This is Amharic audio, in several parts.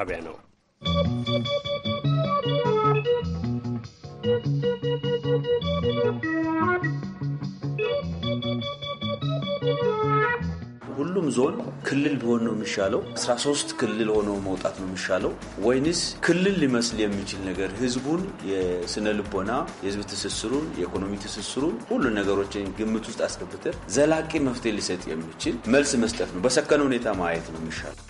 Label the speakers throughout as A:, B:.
A: ጣቢያ ነው።
B: ሁሉም ዞን ክልል ቢሆን ነው የሚሻለው? 13 ክልል ሆኖ መውጣት ነው የሚሻለው? ወይንስ ክልል ሊመስል የሚችል ነገር ህዝቡን፣ የስነ ልቦና፣ የህዝብ ትስስሩን፣ የኢኮኖሚ ትስስሩን ሁሉ ነገሮችን ግምት ውስጥ አስገብተን ዘላቂ መፍትሄ ሊሰጥ የሚችል መልስ መስጠት ነው። በሰከነ ሁኔታ ማየት ነው የሚሻለው።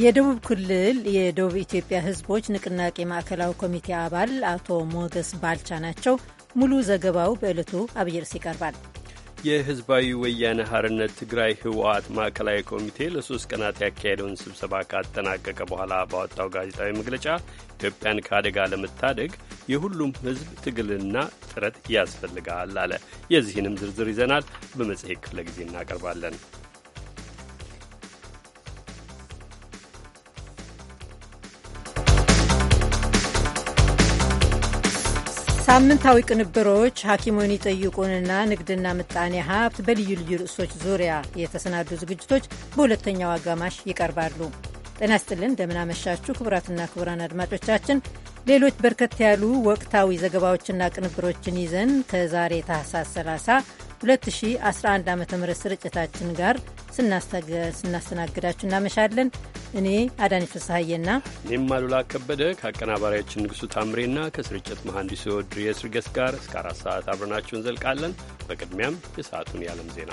C: የደቡብ ክልል የደቡብ ኢትዮጵያ ሕዝቦች ንቅናቄ ማዕከላዊ ኮሚቴ አባል አቶ ሞገስ ባልቻ ናቸው። ሙሉ ዘገባው በዕለቱ አብይ ርዕስ ይቀርባል።
A: የህዝባዊ ወያነ ሀርነት ትግራይ ህወሓት ማዕከላዊ ኮሚቴ ለሶስት ቀናት ያካሄደውን ስብሰባ ካጠናቀቀ በኋላ ባወጣው ጋዜጣዊ መግለጫ ኢትዮጵያን ከአደጋ ለመታደግ የሁሉም ህዝብ ትግልና ጥረት ያስፈልጋል አለ። የዚህንም ዝርዝር ይዘናል በመጽሔት ክፍለ ጊዜ እናቀርባለን።
C: ሳምንታዊ ቅንብሮች ሐኪሙን ይጠይቁንና ንግድና ምጣኔ ሀብት በልዩ ልዩ ርዕሶች ዙሪያ የተሰናዱ ዝግጅቶች በሁለተኛው አጋማሽ ይቀርባሉ። ጤና ይስጥልን፣ እንደምናመሻችሁ ክቡራትና ክቡራን አድማጮቻችን ሌሎች በርከት ያሉ ወቅታዊ ዘገባዎችና ቅንብሮችን ይዘን ከዛሬ ታህሳስ 30 2011 ዓ ም ስርጭታችን ጋር ስናስተናግዳችሁ እናመሻለን። እኔ አዳኒ ፍስሐዬና
A: እኔም አሉላ ከበደ ከአቀናባሪያችን ንጉሱ ታምሬና ከስርጭት መሐንዲሱ ድሪየስ ርገስ ጋር እስከ አራት ሰዓት አብረናችሁ እንዘልቃለን። በቅድሚያም የሰዓቱን የዓለም ዜና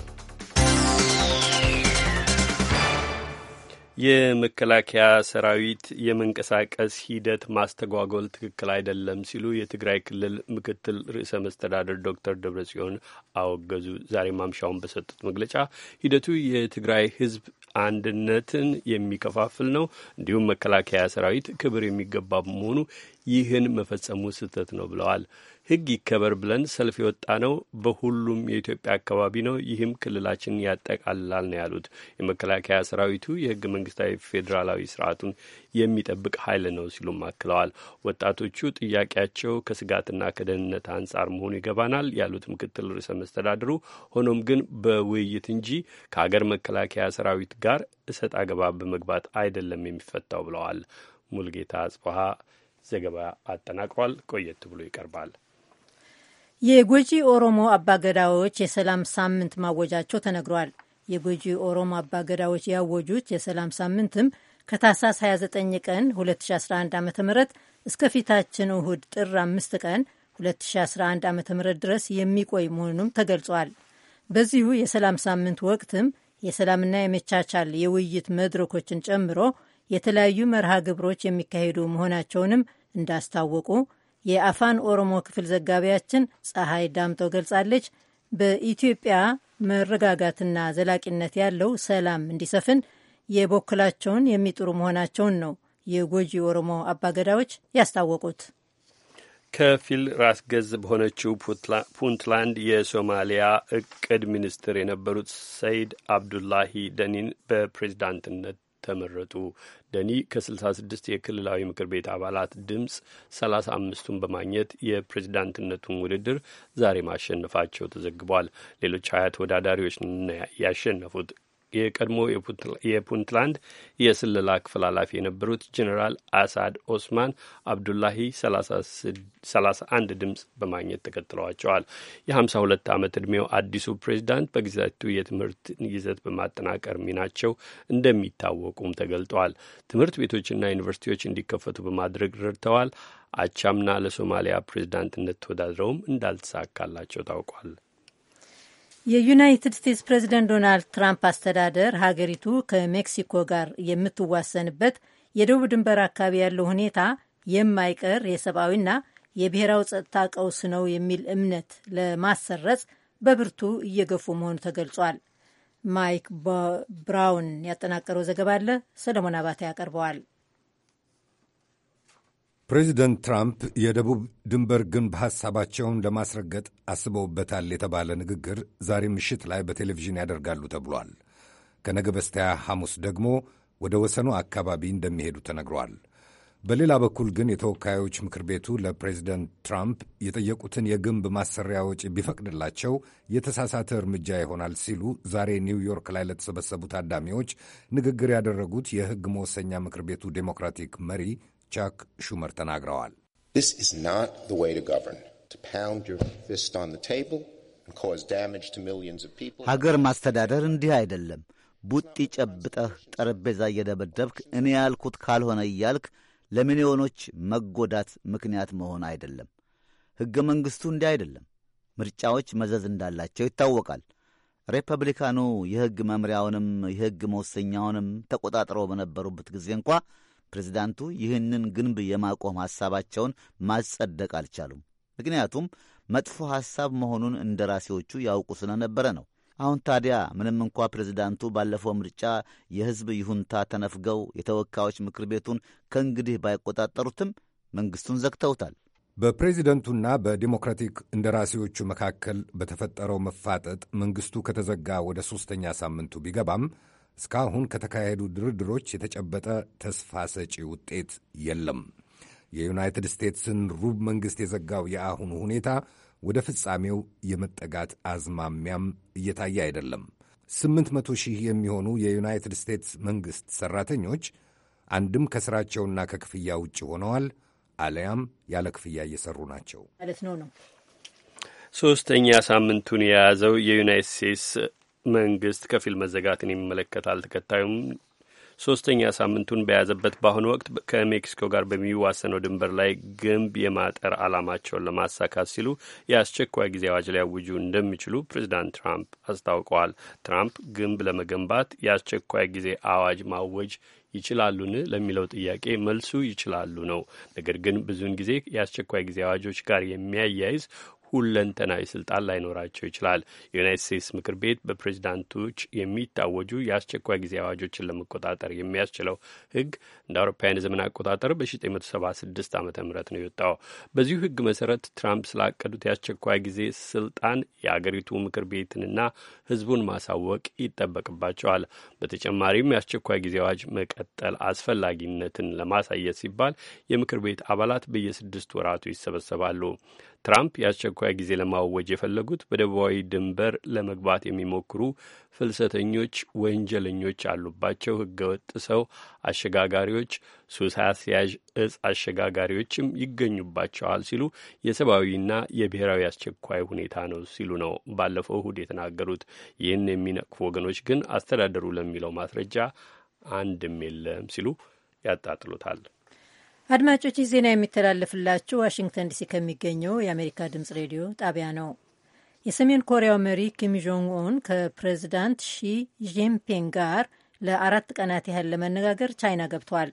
A: የመከላከያ ሰራዊት የመንቀሳቀስ ሂደት ማስተጓጎል ትክክል አይደለም ሲሉ የትግራይ ክልል ምክትል ርዕሰ መስተዳደር ዶክተር ጽዮን አወገዙ። ዛሬ ማምሻውን በሰጡት መግለጫ ሂደቱ የትግራይ ሕዝብ አንድነትን የሚከፋፍል ነው፣ እንዲሁም መከላከያ ሰራዊት ክብር የሚገባ በመሆኑ ይህን መፈጸሙ ስህተት ነው ብለዋል። ህግ ይከበር ብለን ሰልፍ የወጣ ነው። በሁሉም የኢትዮጵያ አካባቢ ነው። ይህም ክልላችን ያጠቃልላል ነው ያሉት። የመከላከያ ሰራዊቱ የህገ መንግስታዊ ፌዴራላዊ ስርዓቱን የሚጠብቅ ኃይል ነው ሲሉም አክለዋል። ወጣቶቹ ጥያቄያቸው ከስጋትና ከደህንነት አንጻር መሆኑ ይገባናል ያሉት ምክትል ርዕሰ መስተዳድሩ፣ ሆኖም ግን በውይይት እንጂ ከሀገር መከላከያ ሰራዊት ጋር እሰጥ አገባ በመግባት አይደለም የሚፈታው ብለዋል። ሙልጌታ አጽበሀ ዘገባ አጠናቅሯል። ቆየት ብሎ ይቀርባል።
C: የጎጂ ኦሮሞ አባገዳዎች የሰላም ሳምንት ማወጃቸው ተነግሯል። የጎጂ ኦሮሞ አባገዳዎች ያወጁት የሰላም ሳምንትም ከታህሳስ 29 ቀን 2011 ዓ ም እስከ ፊታችን እሁድ ጥር 5 ቀን 2011 ዓ ም ድረስ የሚቆይ መሆኑም ተገልጿል። በዚሁ የሰላም ሳምንት ወቅትም የሰላምና የመቻቻል የውይይት መድረኮችን ጨምሮ የተለያዩ መርሃ ግብሮች የሚካሄዱ መሆናቸውንም እንዳስታወቁ የአፋን ኦሮሞ ክፍል ዘጋቢያችን ፀሐይ ዳምጠው ገልጻለች። በኢትዮጵያ መረጋጋትና ዘላቂነት ያለው ሰላም እንዲሰፍን የበኩላቸውን የሚጥሩ መሆናቸውን ነው የጎጂ ኦሮሞ አባገዳዎች ያስታወቁት።
A: ከፊል ራስ ገዝ በሆነችው ፑንትላንድ የሶማሊያ እቅድ ሚኒስትር የነበሩት ሰይድ አብዱላሂ ደኒን በፕሬዚዳንትነት ተመረጡ። ደኒ ከ66 የክልላዊ ምክር ቤት አባላት ድምፅ 35ቱን በማግኘት የፕሬዝዳንትነቱን ውድድር ዛሬ ማሸነፋቸው ተዘግቧል። ሌሎች ሀያ ተወዳዳሪዎች ያሸነፉት የቀድሞ የፑንትላንድ የስለላ ክፍል ኃላፊ የነበሩት ጀኔራል አሳድ ኦስማን አብዱላሂ 31 ድምፅ በማግኘት ተከትለዋቸዋል። የ52 ዓመት ዕድሜው አዲሱ ፕሬዚዳንት በግዛቱ የትምህርት ይዘት በማጠናቀር ሚናቸው እንደሚታወቁም ተገልጠዋል። ትምህርት ቤቶችና ዩኒቨርሲቲዎች እንዲከፈቱ በማድረግ ረድተዋል። አቻምና ለሶማሊያ ፕሬዚዳንትነት ተወዳድረውም እንዳልተሳካላቸው ታውቋል።
C: የዩናይትድ ስቴትስ ፕሬዚደንት ዶናልድ ትራምፕ አስተዳደር ሀገሪቱ ከሜክሲኮ ጋር የምትዋሰንበት የደቡብ ድንበር አካባቢ ያለው ሁኔታ የማይቀር የሰብአዊና የብሔራዊ ጸጥታ ቀውስ ነው የሚል እምነት ለማሰረጽ በብርቱ እየገፉ መሆኑ ተገልጿል። ማይክ ብራውን ያጠናቀረው ዘገባ አለ፣ ሰለሞን አባተ ያቀርበዋል።
D: ፕሬዚደንት ትራምፕ የደቡብ ድንበር ግንብ ሐሳባቸውን ለማስረገጥ አስበውበታል የተባለ ንግግር ዛሬ ምሽት ላይ በቴሌቪዥን ያደርጋሉ ተብሏል። ከነገ በስቲያ ሐሙስ ደግሞ ወደ ወሰኑ አካባቢ እንደሚሄዱ ተነግሯል። በሌላ በኩል ግን የተወካዮች ምክር ቤቱ ለፕሬዚደንት ትራምፕ የጠየቁትን የግንብ ማሰሪያ ወጪ ቢፈቅድላቸው የተሳሳተ እርምጃ ይሆናል ሲሉ ዛሬ ኒውዮርክ ላይ ለተሰበሰቡ ታዳሚዎች ንግግር ያደረጉት የሕግ መወሰኛ ምክር ቤቱ ዴሞክራቲክ መሪ ቻክ ሹመር ተናግረዋል። ሀገር
E: ማስተዳደር እንዲህ አይደለም። ቡጢ ጨብጠህ ጠረጴዛ እየደበደብክ እኔ ያልኩት ካልሆነ እያልክ ለሚሊዮኖች መጎዳት ምክንያት መሆን አይደለም። ሕገ መንግሥቱ እንዲህ አይደለም። ምርጫዎች መዘዝ እንዳላቸው ይታወቃል። ሬፐብሊካኑ የሕግ መምሪያውንም የሕግ መወሰኛውንም ተቆጣጥረው በነበሩበት ጊዜ እንኳ ፕሬዚዳንቱ ይህንን ግንብ የማቆም ሐሳባቸውን ማጸደቅ አልቻሉም። ምክንያቱም መጥፎ ሐሳብ መሆኑን እንደራሴዎቹ ያውቁ ስለነበረ ነው። አሁን ታዲያ ምንም እንኳ ፕሬዚዳንቱ ባለፈው ምርጫ የሕዝብ ይሁንታ ተነፍገው የተወካዮች ምክር ቤቱን ከእንግዲህ ባይቆጣጠሩትም መንግሥቱን
D: ዘግተውታል። በፕሬዚደንቱና በዲሞክራቲክ እንደራሴዎቹ መካከል በተፈጠረው መፋጠጥ መንግሥቱ ከተዘጋ ወደ ሦስተኛ ሳምንቱ ቢገባም እስካሁን ከተካሄዱ ድርድሮች የተጨበጠ ተስፋ ሰጪ ውጤት የለም። የዩናይትድ ስቴትስን ሩብ መንግሥት የዘጋው የአሁኑ ሁኔታ ወደ ፍጻሜው የመጠጋት አዝማሚያም እየታየ አይደለም። ስምንት መቶ ሺህ የሚሆኑ የዩናይትድ ስቴትስ መንግሥት ሠራተኞች አንድም ከሥራቸውና ከክፍያ ውጭ ሆነዋል፣ አለያም ያለ ክፍያ እየሠሩ ናቸው
C: ማለት ነው ነው
A: ሶስተኛ ሳምንቱን የያዘው የዩናይት ስቴትስ መንግስት ከፊል መዘጋትን ይመለከታል። ተከታዩም ሶስተኛ ሳምንቱን በያዘበት በአሁኑ ወቅት ከሜክሲኮ ጋር በሚዋሰነው ድንበር ላይ ግንብ የማጠር ዓላማቸውን ለማሳካት ሲሉ የአስቸኳይ ጊዜ አዋጅ ሊያውጁ እንደሚችሉ ፕሬዚዳንት ትራምፕ አስታውቀዋል። ትራምፕ ግንብ ለመገንባት የአስቸኳይ ጊዜ አዋጅ ማወጅ ይችላሉን ለሚለው ጥያቄ መልሱ ይችላሉ ነው። ነገር ግን ብዙውን ጊዜ የአስቸኳይ ጊዜ አዋጆች ጋር የሚያያይዝ ሁለንተናዊ ስልጣን ላይኖራቸው ይችላል። የዩናይት ስቴትስ ምክር ቤት በፕሬዚዳንቶች የሚታወጁ የአስቸኳይ ጊዜ አዋጆችን ለመቆጣጠር የሚያስችለው ህግ እንደ አውሮፓውያን የዘመን አቆጣጠር በ1976 ዓ ም ነው የወጣው። በዚሁ ህግ መሰረት ትራምፕ ስላቀዱት የአስቸኳይ ጊዜ ስልጣን የአገሪቱ ምክር ቤትንና ህዝቡን ማሳወቅ ይጠበቅባቸዋል። በተጨማሪም የአስቸኳይ ጊዜ አዋጅ መቀጠል አስፈላጊነትን ለማሳየት ሲባል የምክር ቤት አባላት በየስድስት ወራቱ ይሰበሰባሉ። ትራምፕ የአስቸኳይ ጊዜ ለማወጅ የፈለጉት በደቡባዊ ድንበር ለመግባት የሚሞክሩ ፍልሰተኞች፣ ወንጀለኞች አሉባቸው ህገወጥ ሰው አሸጋጋሪዎች፣ ሱስ አስያዥ እጽ አሸጋጋሪዎችም ይገኙባቸዋል ሲሉ የሰብአዊና የብሔራዊ አስቸኳይ ሁኔታ ነው ሲሉ ነው ባለፈው እሁድ የተናገሩት። ይህን የሚነቅፉ ወገኖች ግን አስተዳደሩ ለሚለው ማስረጃ አንድም የለም ሲሉ ያጣጥሉታል።
C: አድማጮች ይህ ዜና የሚተላለፍላችሁ ዋሽንግተን ዲሲ ከሚገኘው የአሜሪካ ድምጽ ሬዲዮ ጣቢያ ነው። የሰሜን ኮሪያው መሪ ኪም ጆንግ ኡን ከፕሬዚዳንት ሺ ጂንፒንግ ጋር ለአራት ቀናት ያህል ለመነጋገር ቻይና ገብተዋል።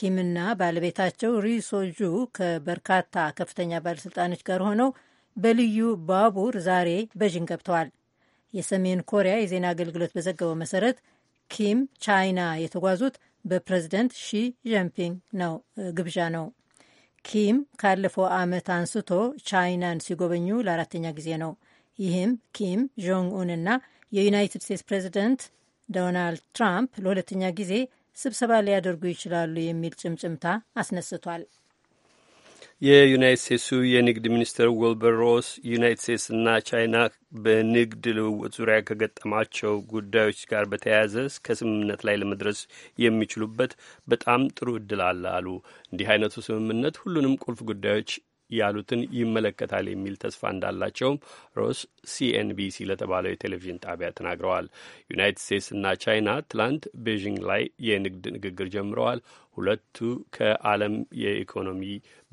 C: ኪምና ባለቤታቸው ሪሶጁ ከበርካታ ከፍተኛ ባለሥልጣኖች ጋር ሆነው በልዩ ባቡር ዛሬ በዥን ገብተዋል። የሰሜን ኮሪያ የዜና አገልግሎት በዘገበው መሰረት ኪም ቻይና የተጓዙት በፕሬዝደንት ሺ ጂንፒንግ ነው ግብዣ ነው። ኪም ካለፈው ዓመት አንስቶ ቻይናን ሲጎበኙ ለአራተኛ ጊዜ ነው። ይህም ኪም ጆንግ ኡን እና የዩናይትድ ስቴትስ ፕሬዝደንት ዶናልድ ትራምፕ ለሁለተኛ ጊዜ ስብሰባ ሊያደርጉ ይችላሉ የሚል ጭምጭምታ አስነስቷል።
A: የዩናይት ስቴትሱ የንግድ ሚኒስትር ዊልበር ሮስ ዩናይት ስቴትስና ቻይና በንግድ ልውውጥ ዙሪያ ከገጠማቸው ጉዳዮች ጋር በተያያዘ እስከ ስምምነት ላይ ለመድረስ የሚችሉበት በጣም ጥሩ እድል አለ አሉ። እንዲህ አይነቱ ስምምነት ሁሉንም ቁልፍ ጉዳዮች ያሉትን ይመለከታል የሚል ተስፋ እንዳላቸውም ሮስ ሲኤንቢሲ ለተባለው የቴሌቪዥን ጣቢያ ተናግረዋል። ዩናይትድ ስቴትስና ቻይና ትላንት ቤዥንግ ላይ የንግድ ንግግር ጀምረዋል። ሁለቱ ከዓለም የኢኮኖሚ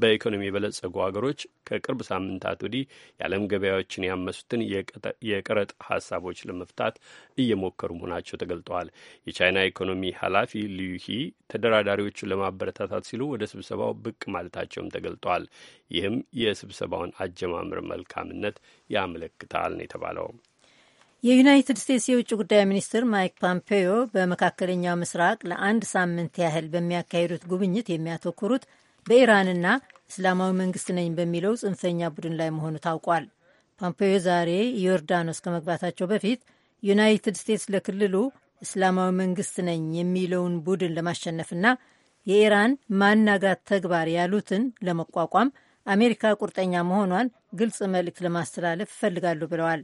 A: በኢኮኖሚ የበለጸጉ ሀገሮች ከቅርብ ሳምንታት ወዲህ የዓለም ገበያዎችን ያመሱትን የቀረጥ ሀሳቦች ለመፍታት እየሞከሩ መሆናቸው ተገልጠዋል። የቻይና ኢኮኖሚ ኃላፊ ልዩሂ ተደራዳሪዎቹን ለማበረታታት ሲሉ ወደ ስብሰባው ብቅ ማለታቸውም ተገልጠዋል። ይህም የስብሰባውን አጀማምር መልካምነት ያመለክታል ነው የተባለው።
C: የዩናይትድ ስቴትስ የውጭ ጉዳይ ሚኒስትር ማይክ ፖምፔዮ በመካከለኛው ምስራቅ ለአንድ ሳምንት ያህል በሚያካሂዱት ጉብኝት የሚያተኩሩት በኢራንና እስላማዊ መንግስት ነኝ በሚለው ጽንፈኛ ቡድን ላይ መሆኑ ታውቋል። ፖምፔዮ ዛሬ ዮርዳኖስ ከመግባታቸው በፊት ዩናይትድ ስቴትስ ለክልሉ እስላማዊ መንግስት ነኝ የሚለውን ቡድን ለማሸነፍና የኢራን ማናጋት ተግባር ያሉትን ለመቋቋም አሜሪካ ቁርጠኛ መሆኗን ግልጽ መልእክት ለማስተላለፍ እፈልጋለሁ ብለዋል።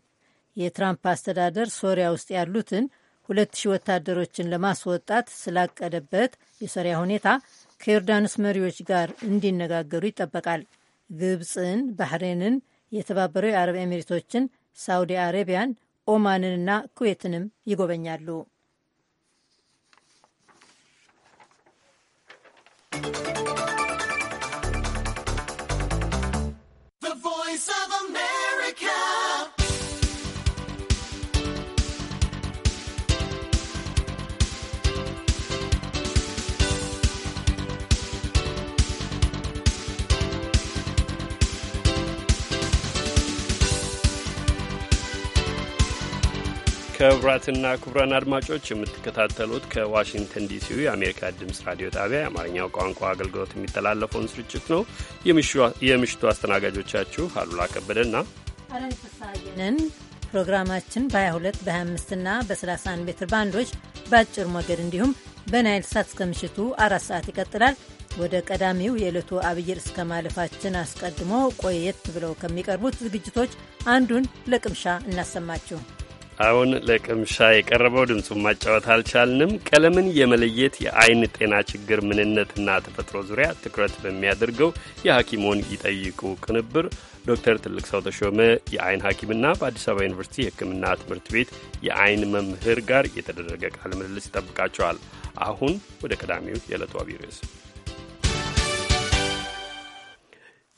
C: የትራምፕ አስተዳደር ሶሪያ ውስጥ ያሉትን ሁለት ሺህ ወታደሮችን ለማስወጣት ስላቀደበት የሶሪያ ሁኔታ ከዮርዳኖስ መሪዎች ጋር እንዲነጋገሩ ይጠበቃል። ግብፅን፣ ባህሬንን፣ የተባበረው የአረብ ኤሚሬቶችን፣ ሳውዲ አረቢያን፣ ኦማንንና ኩዌትንም ይጎበኛሉ።
A: ክቡራትና ክቡራን አድማጮች የምትከታተሉት ከዋሽንግተን ዲሲ የአሜሪካ ድምፅ ራዲዮ ጣቢያ የአማርኛው ቋንቋ አገልግሎት የሚተላለፈውን ስርጭት ነው። የምሽቱ አስተናጋጆቻችሁ አሉላ ከበደና
C: አረን ፕሮግራማችን በ22 በ25ና በ31 ሜትር ባንዶች በአጭር ሞገድ እንዲሁም በናይል ሳት እስከ ምሽቱ አራት ሰዓት ይቀጥላል። ወደ ቀዳሚው የዕለቱ አብይ ርዕስ ከማለፋችን አስቀድሞ ቆየት ብለው ከሚቀርቡት ዝግጅቶች አንዱን ለቅምሻ እናሰማችሁ።
A: አሁን ለቅምሻ የቀረበው ድምፁን ማጫወት አልቻልንም። ቀለምን የመለየት የአይን ጤና ችግር ምንነትና ተፈጥሮ ዙሪያ ትኩረት በሚያደርገው የሐኪሞን ይጠይቁ ቅንብር ዶክተር ትልቅ ሰው ተሾመ የአይን ሐኪምና በአዲስ አበባ ዩኒቨርሲቲ የሕክምና ትምህርት ቤት የአይን መምህር ጋር የተደረገ ቃለ ምልልስ ይጠብቃቸዋል። አሁን ወደ ቀዳሚው የዕለቱ አብይ ርዕስ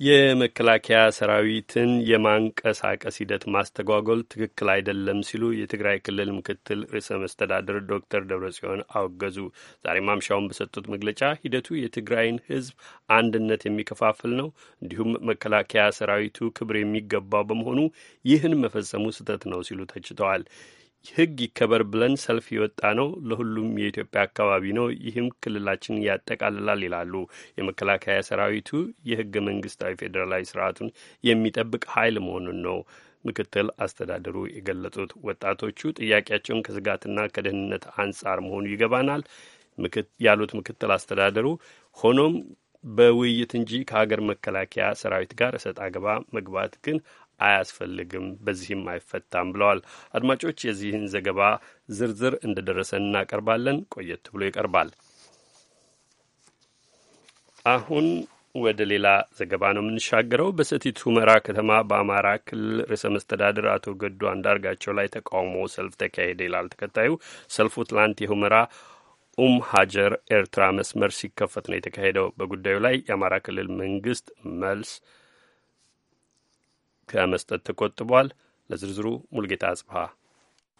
A: የመከላከያ ሰራዊትን የማንቀሳቀስ ሂደት ማስተጓጎል ትክክል አይደለም ሲሉ የትግራይ ክልል ምክትል ርዕሰ መስተዳድር ዶክተር ደብረጽዮን አወገዙ። ዛሬ ማምሻውን በሰጡት መግለጫ ሂደቱ የትግራይን ሕዝብ አንድነት የሚከፋፍል ነው፣ እንዲሁም መከላከያ ሰራዊቱ ክብር የሚገባው በመሆኑ ይህን መፈጸሙ ስህተት ነው ሲሉ ተችተዋል። ህግ ይከበር ብለን ሰልፍ የወጣ ነው። ለሁሉም የኢትዮጵያ አካባቢ ነው። ይህም ክልላችን ያጠቃልላል ይላሉ። የመከላከያ ሰራዊቱ የህገ መንግስታዊ ፌዴራላዊ ስርዓቱን የሚጠብቅ ኃይል መሆኑን ነው ምክትል አስተዳደሩ የገለጹት። ወጣቶቹ ጥያቄያቸውን ከስጋትና ከደህንነት አንጻር መሆኑ ይገባናል ያሉት ምክትል አስተዳደሩ ሆኖም በውይይት እንጂ ከሀገር መከላከያ ሰራዊት ጋር እሰጥ አገባ መግባት ግን አያስፈልግም፣ በዚህም አይፈታም ብለዋል። አድማጮች የዚህን ዘገባ ዝርዝር እንደደረሰን እናቀርባለን። ቆየት ብሎ ይቀርባል። አሁን ወደ ሌላ ዘገባ ነው የምንሻገረው። በሰቲት ሁመራ ከተማ በአማራ ክልል ርዕሰ መስተዳድር አቶ ገዱ አንዳርጋቸው ላይ ተቃውሞ ሰልፍ ተካሄደ ይላል ተከታዩ። ሰልፉ ትላንት የሁመራ ኡም ሀጀር ኤርትራ መስመር ሲከፈት ነው የተካሄደው። በጉዳዩ ላይ የአማራ ክልል መንግስት መልስ ከመስጠት ተቆጥቧል። ለዝርዝሩ ሙልጌታ አጽብሃ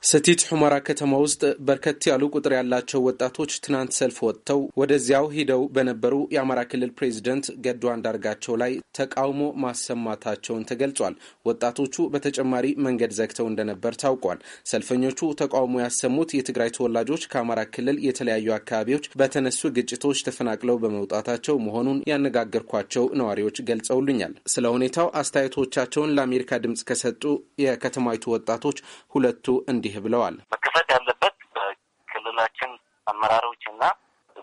F: ሰቲት ሑመራ ከተማ ውስጥ በርከት ያሉ ቁጥር ያላቸው ወጣቶች ትናንት ሰልፍ ወጥተው ወደዚያው ሂደው በነበሩ የአማራ ክልል ፕሬዚደንት ገዱ አንዳርጋቸው ላይ ተቃውሞ ማሰማታቸውን ተገልጿል። ወጣቶቹ በተጨማሪ መንገድ ዘግተው እንደነበር ታውቋል። ሰልፈኞቹ ተቃውሞ ያሰሙት የትግራይ ተወላጆች ከአማራ ክልል የተለያዩ አካባቢዎች በተነሱ ግጭቶች ተፈናቅለው በመውጣታቸው መሆኑን ያነጋገርኳቸው ነዋሪዎች ገልጸውልኛል። ስለ ሁኔታው አስተያየቶቻቸውን ለአሜሪካ ድምጽ ከሰጡ የከተማይቱ ወጣቶች ሁለቱ እንዲህ እንዲህ ብለዋል። መከፈት ያለበት
G: በክልላችን አመራሮች እና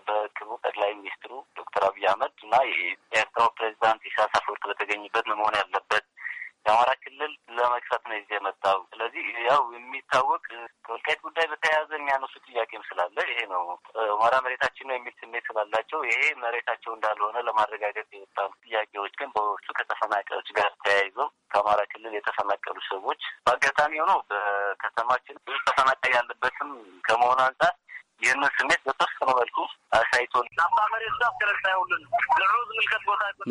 G: በክቡ ጠቅላይ ሚኒስትሩ ዶክተር አብይ አህመድ እና የኤርትራው ፕሬዚዳንት ኢሳያስ አፈወርቅ በተገኙበት መሆን ያለበት የአማራ ክልል ለመክፈት ነው ይዤ የመጣው። ስለዚህ ያው የሚታወቅ ከወልቃይት ጉዳይ በተያያዘ የሚያነሱ ጥያቄም ስላለ ይሄ ነው አማራ መሬታችን ነው የሚል ስሜት ስላላቸው ይሄ መሬታቸው እንዳልሆነ ለማረጋገጥ የወጣ ጥያቄዎች ግን በወቅቱ ከተፈናቃዮች ጋር ተያይዞ ከአማራ ክልል የተፈናቀሉ ሰዎች በአጋጣሚ ሆኖ በከተማችን ብዙ ተፈናቃይ ያለበትም ከመሆኑ አንጻር ይህንን ስሜት በተወሰነ መልኩ አሳይቶን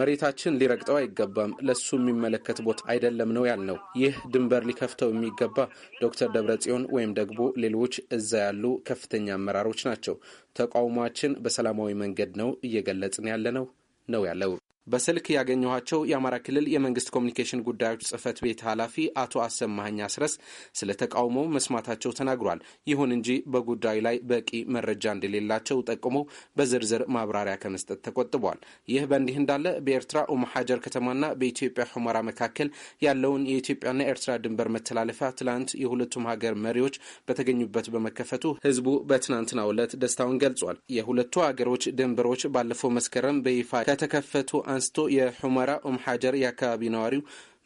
F: መሬታችን ሊረግጠው አይገባም፣ ለሱ የሚመለከት ቦታ አይደለም ነው ያልነው። ይህ ድንበር ሊከፍተው የሚገባ ዶክተር ደብረጽዮን ወይም ደግሞ ሌሎች እዛ ያሉ ከፍተኛ አመራሮች ናቸው። ተቃውሟችን በሰላማዊ መንገድ ነው እየገለጽን ያለ ነው ነው ያለው። በስልክ ያገኘኋቸው የአማራ ክልል የመንግስት ኮሚኒኬሽን ጉዳዮች ጽህፈት ቤት ኃላፊ አቶ አሰማኸኝ አስረስ ስለ ተቃውሞ መስማታቸው ተናግሯል። ይሁን እንጂ በጉዳዩ ላይ በቂ መረጃ እንደሌላቸው ጠቁሞ በዝርዝር ማብራሪያ ከመስጠት ተቆጥቧል። ይህ በእንዲህ እንዳለ በኤርትራ ኡመሐጀር ከተማና በኢትዮጵያ ሑመራ መካከል ያለውን የኢትዮጵያና ኤርትራ ድንበር መተላለፊያ ትላንት የሁለቱም ሀገር መሪዎች በተገኙበት በመከፈቱ ህዝቡ በትናንትናው ዕለት ደስታውን ገልጿል። የሁለቱ ሀገሮች ድንበሮች ባለፈው መስከረም በይፋ ከተከፈቱ አንስቶ የሑመራ ኦም ሐጀር የአካባቢ ነዋሪው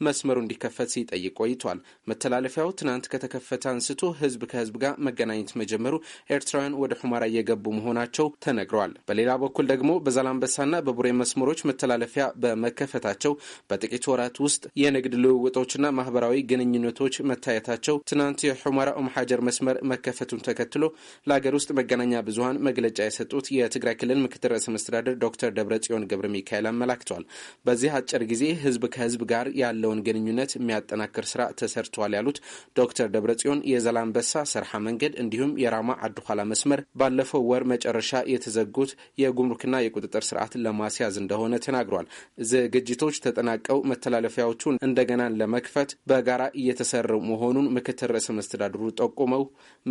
F: መስመሩ እንዲከፈት ሲጠይቅ ቆይቷል። መተላለፊያው ትናንት ከተከፈተ አንስቶ ህዝብ ከህዝብ ጋር መገናኘት መጀመሩ፣ ኤርትራውያን ወደ ሁመራ እየገቡ መሆናቸው ተነግረዋል። በሌላ በኩል ደግሞ በዛላምበሳና በቡሬ መስመሮች መተላለፊያ በመከፈታቸው በጥቂት ወራት ውስጥ የንግድ ልውውጦችና ማህበራዊ ግንኙነቶች መታየታቸው ትናንት የሑመራ ኦም ሀጀር መስመር መከፈቱን ተከትሎ ለሀገር ውስጥ መገናኛ ብዙሀን መግለጫ የሰጡት የትግራይ ክልል ምክትል ርዕሰ መስተዳደር ዶክተር ደብረ ጽዮን ገብረ ሚካኤል አመላክተዋል። በዚህ አጭር ጊዜ ህዝብ ከህዝብ ጋር ያለ ያለውን ግንኙነት የሚያጠናክር ስራ ተሰርተዋል ያሉት ዶክተር ደብረጽዮን የዘላንበሳ ሰርሃ መንገድ እንዲሁም የራማ አድኋላ መስመር ባለፈው ወር መጨረሻ የተዘጉት የጉምሩክና የቁጥጥር ስርዓት ለማስያዝ እንደሆነ ተናግሯል። ዝግጅቶች ተጠናቀው መተላለፊያዎቹን እንደገና ለመክፈት በጋራ እየተሰሩ መሆኑን ምክትል ርዕሰ መስተዳድሩ ጠቁመው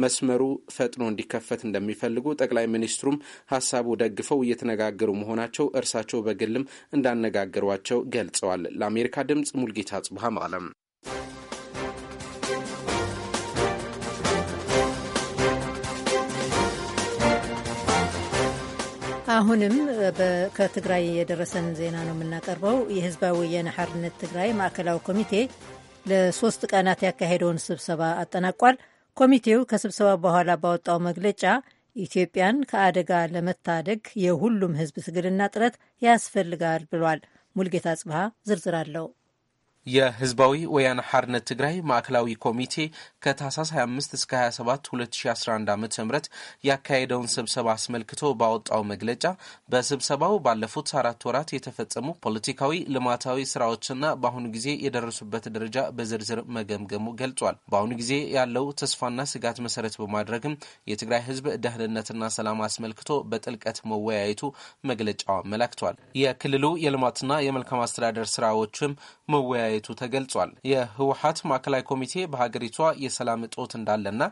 F: መስመሩ ፈጥኖ እንዲከፈት እንደሚፈልጉ ጠቅላይ ሚኒስትሩም ሀሳቡ ደግፈው እየተነጋገሩ መሆናቸው እርሳቸው በግልም እንዳነጋገሯቸው ገልጸዋል። ለአሜሪካ ድምጽ ሙልጌ ሙልጌታ ጽቡሃ መቐለም
C: አሁንም ከትግራይ የደረሰን ዜና ነው የምናቀርበው። የህዝባዊ ወያነ ሓርነት ትግራይ ማዕከላዊ ኮሚቴ ለሶስት ቀናት ያካሄደውን ስብሰባ አጠናቋል። ኮሚቴው ከስብሰባ በኋላ ባወጣው መግለጫ ኢትዮጵያን ከአደጋ ለመታደግ የሁሉም ህዝብ ትግልና ጥረት ያስፈልጋል ብሏል። ሙልጌታ ጽብሃ ዝርዝር አለው።
F: የህዝባዊ ወያነ ሐርነት ትግራይ ማዕከላዊ ኮሚቴ ከታህሳስ 25 እስከ 27 2011 ዓ ም ያካሄደውን ስብሰባ አስመልክቶ ባወጣው መግለጫ በስብሰባው ባለፉት አራት ወራት የተፈጸሙ ፖለቲካዊ፣ ልማታዊ ስራዎችና በአሁኑ ጊዜ የደረሱበት ደረጃ በዝርዝር መገምገሙ ገልጿል። በአሁኑ ጊዜ ያለው ተስፋና ስጋት መሰረት በማድረግም የትግራይ ህዝብ ደህንነትና ሰላም አስመልክቶ በጥልቀት መወያየቱ መግለጫው አመላክቷል። የክልሉ የልማትና የመልካም አስተዳደር ስራዎችም መወያየ መወያየቱ ተገልጿል። የህወሀት ማዕከላዊ ኮሚቴ በሀገሪቷ የሰላም እጦት እንዳለና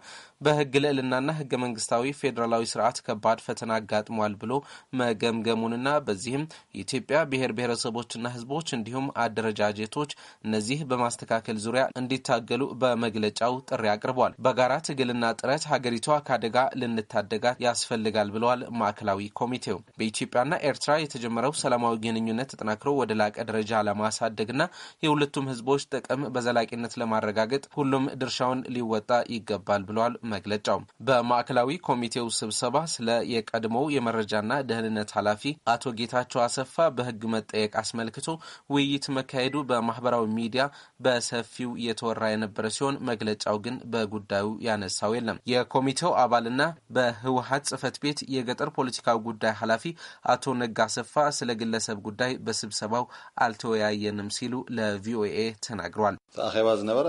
F: በህግ ልዕልናና ህገ መንግስታዊ ፌዴራላዊ ስርዓት ከባድ ፈተና አጋጥሟል ብሎ መገምገሙንና በዚህም የኢትዮጵያ ብሔር ብሔረሰቦችና ህዝቦች እንዲሁም አደረጃጀቶች እነዚህ በማስተካከል ዙሪያ እንዲታገሉ በመግለጫው ጥሪ አቅርቧል። በጋራ ትግልና ጥረት ሀገሪቷ ከአደጋ ልንታደጋት ያስፈልጋል ብለዋል ማዕከላዊ ኮሚቴው። በኢትዮጵያና ኤርትራ የተጀመረው ሰላማዊ ግንኙነት ተጠናክሮ ወደ ላቀ ደረጃ ለማሳደግና የሁለ ለሁለቱም ህዝቦች ጥቅም በዘላቂነት ለማረጋገጥ ሁሉም ድርሻውን ሊወጣ ይገባል ብሏል መግለጫው። በማዕከላዊ ኮሚቴው ስብሰባ ስለ የቀድሞው የመረጃና ደህንነት ኃላፊ አቶ ጌታቸው አሰፋ በህግ መጠየቅ አስመልክቶ ውይይት መካሄዱ በማህበራዊ ሚዲያ በሰፊው እየተወራ የነበረ ሲሆን መግለጫው ግን በጉዳዩ ያነሳው የለም። የኮሚቴው አባልና በህወሀት ጽህፈት ቤት የገጠር ፖለቲካዊ ጉዳይ ኃላፊ አቶ ነጋ አሰፋ ስለ ግለሰብ ጉዳይ በስብሰባው አልተወያየንም ሲሉ ለቪኦ ለቪኦኤ ተናግሯል።
H: ኣኼባ ዝነበረ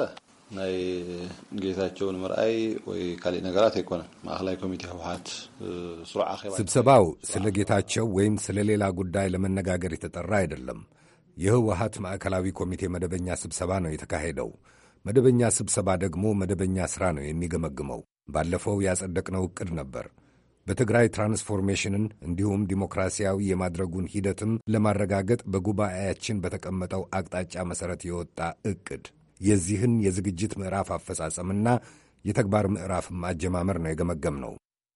H: ናይ ጌታቸውን ምርኣይ ወይ ካሊእ ነገራት ኣይኮነን ማእኸላይ ኮሚቴ ህወሓት ስሩዕ
I: ኣኼባ ስብሰባው
D: ስለ ጌታቸው ወይም ስለ ሌላ ጉዳይ ለመነጋገር የተጠራ አይደለም። የህወሓት ማዕከላዊ ኮሚቴ መደበኛ ስብሰባ ነው የተካሄደው። መደበኛ ስብሰባ ደግሞ መደበኛ ሥራ ነው የሚገመግመው። ባለፈው ያጸደቅነው ዕቅድ ነበር። በትግራይ ትራንስፎርሜሽንን እንዲሁም ዲሞክራሲያዊ የማድረጉን ሂደትም ለማረጋገጥ በጉባኤያችን በተቀመጠው አቅጣጫ መሠረት የወጣ ዕቅድ የዚህን የዝግጅት ምዕራፍ አፈጻጸምና የተግባር ምዕራፍም አጀማመር ነው የገመገም ነው።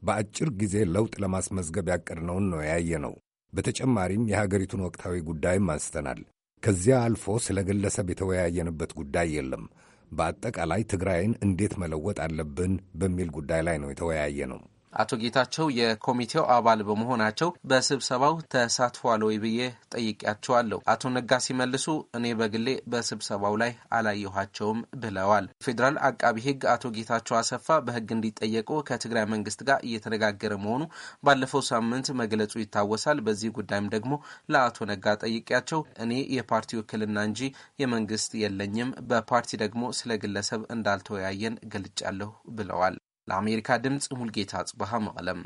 D: በአጭር ጊዜ ለውጥ ለማስመዝገብ ያቀድነውን ነው ያየ ነው። በተጨማሪም የሀገሪቱን ወቅታዊ ጉዳይም አንስተናል። ከዚያ አልፎ ስለ ግለሰብ የተወያየንበት ጉዳይ የለም። በአጠቃላይ ትግራይን እንዴት መለወጥ አለብን በሚል ጉዳይ ላይ ነው የተወያየ ነው።
F: አቶ ጌታቸው የኮሚቴው አባል በመሆናቸው በስብሰባው ተሳትፏል ወይ ብዬ ጠይቄያቸዋለሁ። አቶ ነጋ ሲመልሱ እኔ በግሌ በስብሰባው ላይ አላየኋቸውም ብለዋል። ፌዴራል አቃቢ ሕግ አቶ ጌታቸው አሰፋ በሕግ እንዲጠየቁ ከትግራይ መንግስት ጋር እየተነጋገረ መሆኑ ባለፈው ሳምንት መግለጹ ይታወሳል። በዚህ ጉዳይም ደግሞ ለአቶ ነጋ ጠይቄያቸው እኔ የፓርቲ ውክልና እንጂ የመንግስት የለኝም፣ በፓርቲ ደግሞ ስለ ግለሰብ እንዳልተወያየን ገልጫለሁ ብለዋል። ለአሜሪካ ድምፅ ሙልጌታ
A: ጽብሃ መቐለም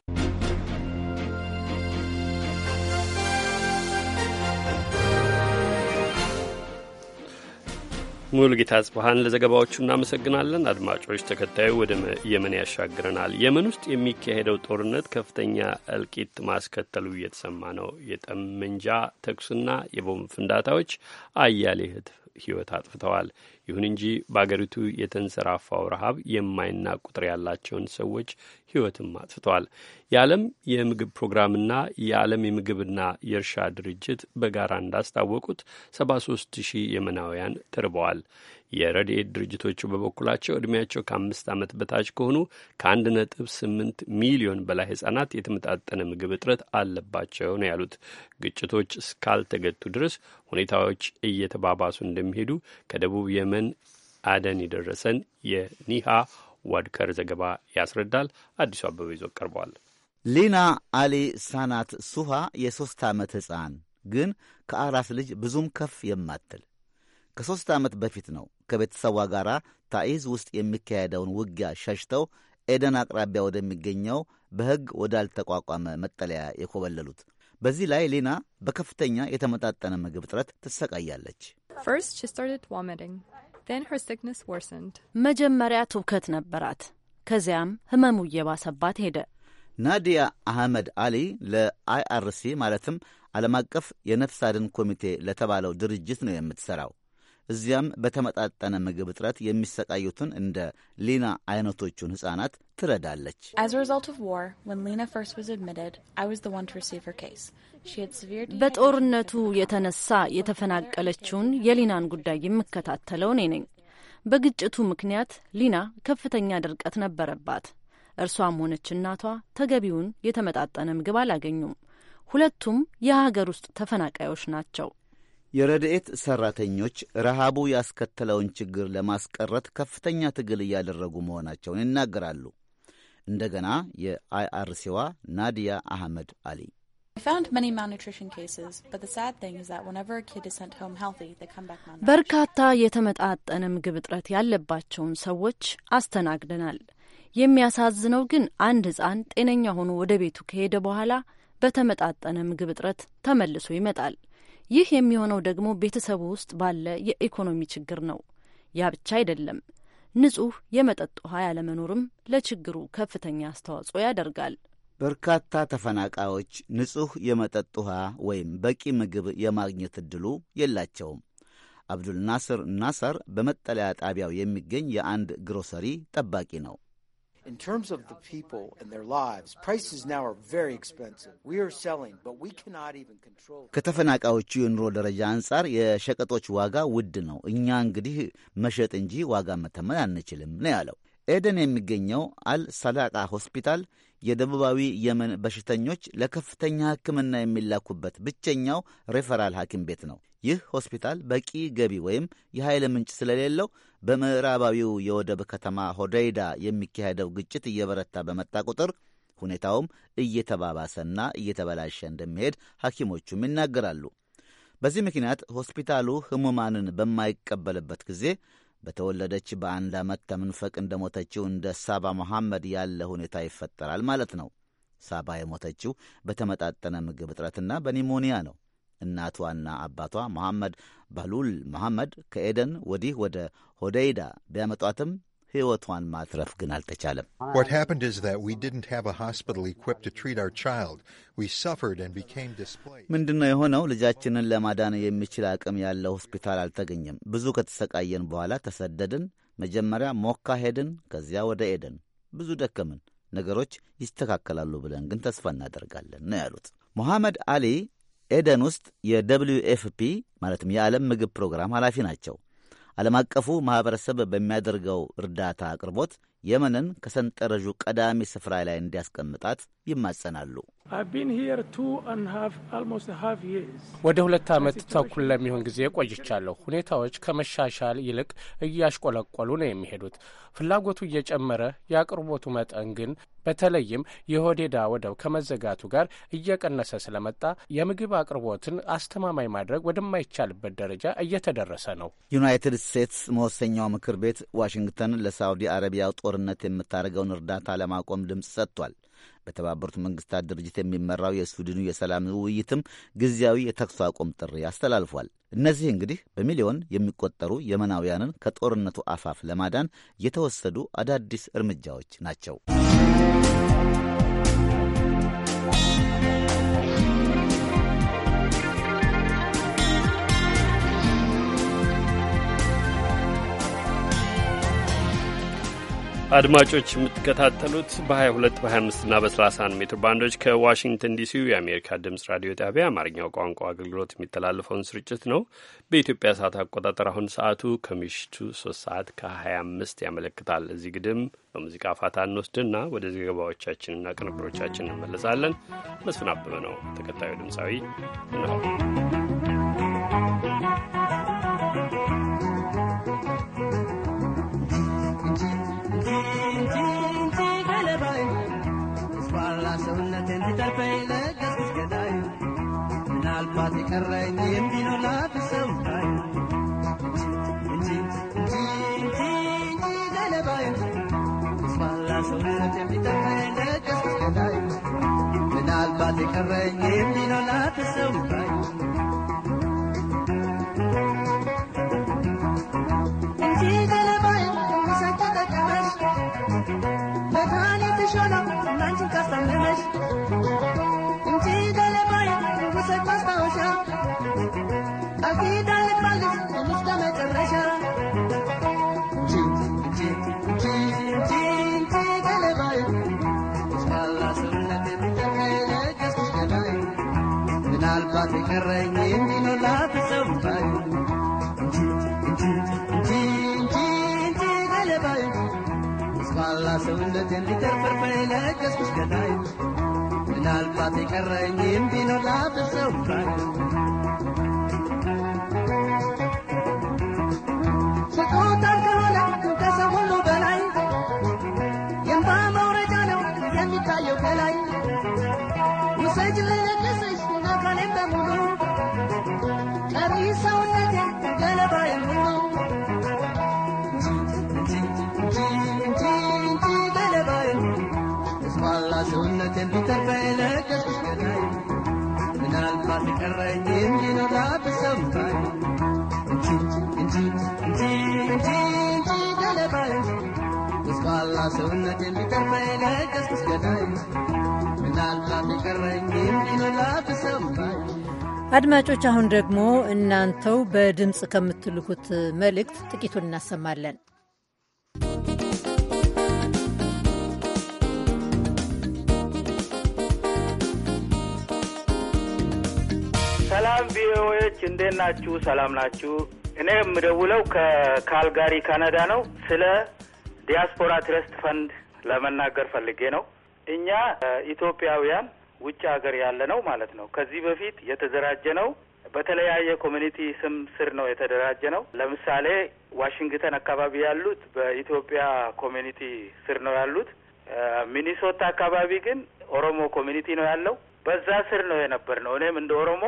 A: ሙሉ ጌታ ጽብሃን ለዘገባዎቹ እናመሰግናለን። አድማጮች፣ ተከታዩ ወደ የመን ያሻግረናል። የመን ውስጥ የሚካሄደው ጦርነት ከፍተኛ እልቂት ማስከተሉ እየተሰማ ነው። የጠመንጃ ተኩስና የቦምብ ፍንዳታዎች አያሌ ህይወት አጥፍተዋል። ይሁን እንጂ በአገሪቱ የተንሰራፋው ረሃብ የማይናቅ ቁጥር ያላቸውን ሰዎች ሕይወትም አጥፍቷል። የዓለም የምግብ ፕሮግራምና የዓለም የምግብና የእርሻ ድርጅት በጋራ እንዳስታወቁት 73 ሺህ የመናውያን ተርበዋል። የረድኤት ድርጅቶቹ በበኩላቸው ዕድሜያቸው ከአምስት ዓመት በታች ከሆኑ ከአንድ ነጥብ ስምንት ሚሊዮን በላይ ህጻናት የተመጣጠነ ምግብ እጥረት አለባቸው ነው ያሉት። ግጭቶች እስካልተገቱ ድረስ ሁኔታዎች እየተባባሱ እንደሚሄዱ ከደቡብ የመን አደን የደረሰን የኒሃ ዋድከር ዘገባ ያስረዳል። አዲሱ አበበ ይዞ ቀርቧል።
E: ሊና አሊ ሳናት ሱሃ የሦስት ዓመት ሕፃን ግን ከአራስ ልጅ ብዙም ከፍ የማትል ከሦስት ዓመት በፊት ነው ከቤተሰቧ ጋር ታኢዝ ውስጥ የሚካሄደውን ውጊያ ሸሽተው ኤደን አቅራቢያ ወደሚገኘው በሕግ ወዳልተቋቋመ መጠለያ የኮበለሉት። በዚህ ላይ ሌና በከፍተኛ የተመጣጠነ ምግብ እጥረት ትሰቃያለች።
C: መጀመሪያ ትውከት ነበራት፣ ከዚያም ህመሙ እየባሰባት ሄደ።
E: ናዲያ አህመድ አሊ ለአይአርሲ ማለትም ዓለም አቀፍ የነፍስ አድን ኮሚቴ ለተባለው ድርጅት ነው የምትሠራው። እዚያም በተመጣጠነ ምግብ እጥረት የሚሰቃዩትን እንደ ሊና አይነቶቹን ሕፃናት ትረዳለች።
C: በጦርነቱ የተነሳ የተፈናቀለችውን የሊናን ጉዳይ የምከታተለው እኔ ነኝ። በግጭቱ ምክንያት ሊና ከፍተኛ ድርቀት ነበረባት። እርሷም ሆነች እናቷ ተገቢውን የተመጣጠነ ምግብ አላገኙም። ሁለቱም የሀገር ውስጥ ተፈናቃዮች ናቸው።
E: የረድኤት ሠራተኞች ረሃቡ ያስከተለውን ችግር ለማስቀረት ከፍተኛ ትግል እያደረጉ መሆናቸውን ይናገራሉ። እንደገና የአይአርሲዋ ናዲያ አህመድ አሊ
C: በርካታ የተመጣጠነ ምግብ እጥረት ያለባቸውን ሰዎች አስተናግደናል። የሚያሳዝነው ግን አንድ ሕፃን ጤነኛ ሆኖ ወደ ቤቱ ከሄደ በኋላ በተመጣጠነ ምግብ እጥረት ተመልሶ ይመጣል። ይህ የሚሆነው ደግሞ ቤተሰቡ ውስጥ ባለ የኢኮኖሚ ችግር ነው። ያ ብቻ አይደለም። ንጹህ የመጠጥ ውሃ ያለመኖርም ለችግሩ ከፍተኛ አስተዋጽኦ ያደርጋል።
E: በርካታ ተፈናቃዮች ንጹህ የመጠጥ ውሃ ወይም በቂ ምግብ የማግኘት ዕድሉ የላቸውም። አብዱል ናስር ናሰር በመጠለያ ጣቢያው የሚገኝ የአንድ ግሮሰሪ ጠባቂ ነው።
J: In terms of the people and their lives, prices now are very expensive. We are selling, but we cannot even control.
E: ከተፈናቃዮቹ የኑሮ ደረጃ አንጻር የሸቀጦች ዋጋ ውድ ነው። እኛ እንግዲህ መሸጥ እንጂ ዋጋ መተመን አንችልም ነው ያለው። ኤደን የሚገኘው አል ሰላቃ ሆስፒታል የደቡባዊ የመን በሽተኞች ለከፍተኛ ሕክምና የሚላኩበት ብቸኛው ሬፈራል ሐኪም ቤት ነው። ይህ ሆስፒታል በቂ ገቢ ወይም የኃይል ምንጭ ስለሌለው በምዕራባዊው የወደብ ከተማ ሆደይዳ የሚካሄደው ግጭት እየበረታ በመጣ ቁጥር ሁኔታውም እየተባባሰና እየተበላሸ እንደሚሄድ ሐኪሞቹም ይናገራሉ። በዚህ ምክንያት ሆስፒታሉ ህሙማንን በማይቀበልበት ጊዜ በተወለደች በአንድ ዓመት ከምንፈቅ እንደ ሞተችው እንደ ሳባ መሐመድ ያለ ሁኔታ ይፈጠራል ማለት ነው። ሳባ የሞተችው በተመጣጠነ ምግብ እጥረትና በኒሞኒያ ነው። እናቷና አባቷ መሐመድ ባሉል መሐመድ ከኤደን ወዲህ ወደ ሆደይዳ ቢያመጧትም ሕይወቷን ማትረፍ ግን አልተቻለም። ምንድን የሆነው? ልጃችንን ለማዳን የሚችል አቅም ያለው ሆስፒታል አልተገኘም። ብዙ ከተሰቃየን በኋላ ተሰደድን። መጀመሪያ ሞካ ሄድን፣ ከዚያ ወደ ኤደን። ብዙ ደከምን። ነገሮች ይስተካከላሉ ብለን ግን ተስፋ እናደርጋለን ነው ያሉት ሞሐመድ አሊ ኤደን ውስጥ የደብሊዩ ኤፍፒ ማለትም የዓለም ምግብ ፕሮግራም ኃላፊ ናቸው። ዓለም አቀፉ ማኅበረሰብ በሚያደርገው እርዳታ አቅርቦት የመንን ከሰንጠረዡ ቀዳሚ ስፍራ ላይ እንዲያስቀምጣት ይማጸናሉ። ወደ
F: ሁለት ዓመት ተኩል ለሚሆን ጊዜ ቆይቻለሁ። ሁኔታዎች ከመሻሻል ይልቅ እያሽቆለቆሉ ነው የሚሄዱት። ፍላጎቱ እየጨመረ የአቅርቦቱ መጠን ግን በተለይም የሆዴዳ ወደብ ከመዘጋቱ ጋር እየቀነሰ ስለመጣ የምግብ አቅርቦትን አስተማማኝ ማድረግ ወደማይቻልበት ደረጃ እየተደረሰ ነው።
E: ዩናይትድ ስቴትስ መወሰኛው ምክር ቤት ዋሽንግተን ለሳውዲ አረቢያው ጦርነት የምታደርገውን እርዳታ ለማቆም ድምፅ ሰጥቷል። በተባበሩት መንግስታት ድርጅት የሚመራው የሱድኑ የሰላም ውይይትም ጊዜያዊ የተኩስ አቁም ጥሪ አስተላልፏል። እነዚህ እንግዲህ በሚሊዮን የሚቆጠሩ የመናውያንን ከጦርነቱ አፋፍ ለማዳን የተወሰዱ አዳዲስ እርምጃዎች ናቸው።
A: አድማጮች የምትከታተሉት በ22 በ25 እና በ31 ሜትር ባንዶች ከዋሽንግተን ዲሲው የአሜሪካ ድምፅ ራዲዮ ጣቢያ አማርኛው ቋንቋ አገልግሎት የሚተላለፈውን ስርጭት ነው። በኢትዮጵያ ሰዓት አቆጣጠር አሁን ሰዓቱ ከምሽቱ 3 ሰዓት ከ25 ያመለክታል። እዚህ ግድም በሙዚቃ ፋታ እንወስድና ወደ ዘገባዎቻችንና ቅንብሮቻችን እንመለሳለን። መስፍን አበበ ነው ተከታዩ ድምፃዊ ነው።
K: ቀረኝ የሚለውላት ሰው እንዲተፈርፈር የለገስኩሽ ገዳይ ውስጥ ምናልባት የቀረኝም ቢኖር ላፍሰው
C: አድማጮች፣ አሁን ደግሞ እናንተው በድምፅ ከምትልኩት መልእክት ጥቂቱን እናሰማለን።
L: ሰላም ቪኦኤዎች፣ እንዴት ናችሁ? ሰላም ናችሁ? እኔ የምደውለው ከካልጋሪ ካናዳ ነው። ስለ ዲያስፖራ ትረስት ፈንድ ለመናገር ፈልጌ ነው። እኛ ኢትዮጵያውያን ውጭ ሀገር ያለ ነው ማለት ነው። ከዚህ በፊት የተደራጀ ነው በተለያየ ኮሚኒቲ ስም ስር ነው የተደራጀ ነው። ለምሳሌ ዋሽንግተን አካባቢ ያሉት በኢትዮጵያ ኮሚኒቲ ስር ነው ያሉት። ሚኒሶታ አካባቢ ግን ኦሮሞ ኮሚኒቲ ነው ያለው። በዛ ስር ነው የነበር ነው። እኔም እንደ ኦሮሞ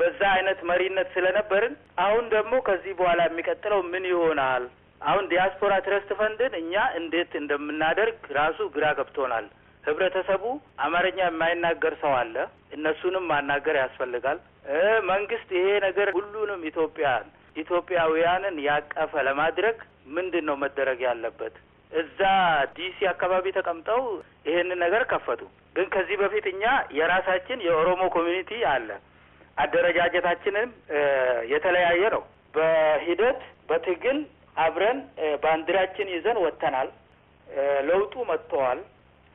L: በዛ አይነት መሪነት ስለነበርን አሁን ደግሞ ከዚህ በኋላ የሚቀጥለው ምን ይሆናል? አሁን ዲያስፖራ ትረስት ፈንድን እኛ እንዴት እንደምናደርግ ራሱ ግራ ገብቶናል። ህብረተሰቡ አማርኛ የማይናገር ሰው አለ። እነሱንም ማናገር ያስፈልጋል። መንግስት ይሄ ነገር ሁሉንም ኢትዮጵያን ኢትዮጵያውያንን ያቀፈ ለማድረግ ምንድን ነው መደረግ ያለበት? እዛ ዲሲ አካባቢ ተቀምጠው ይሄንን ነገር ከፈቱ። ግን ከዚህ በፊት እኛ የራሳችን የኦሮሞ ኮሚኒቲ አለ። አደረጃጀታችንም የተለያየ ነው። በሂደት በትግል አብረን ባንዲራችን ይዘን ወጥተናል። ለውጡ መጥተዋል።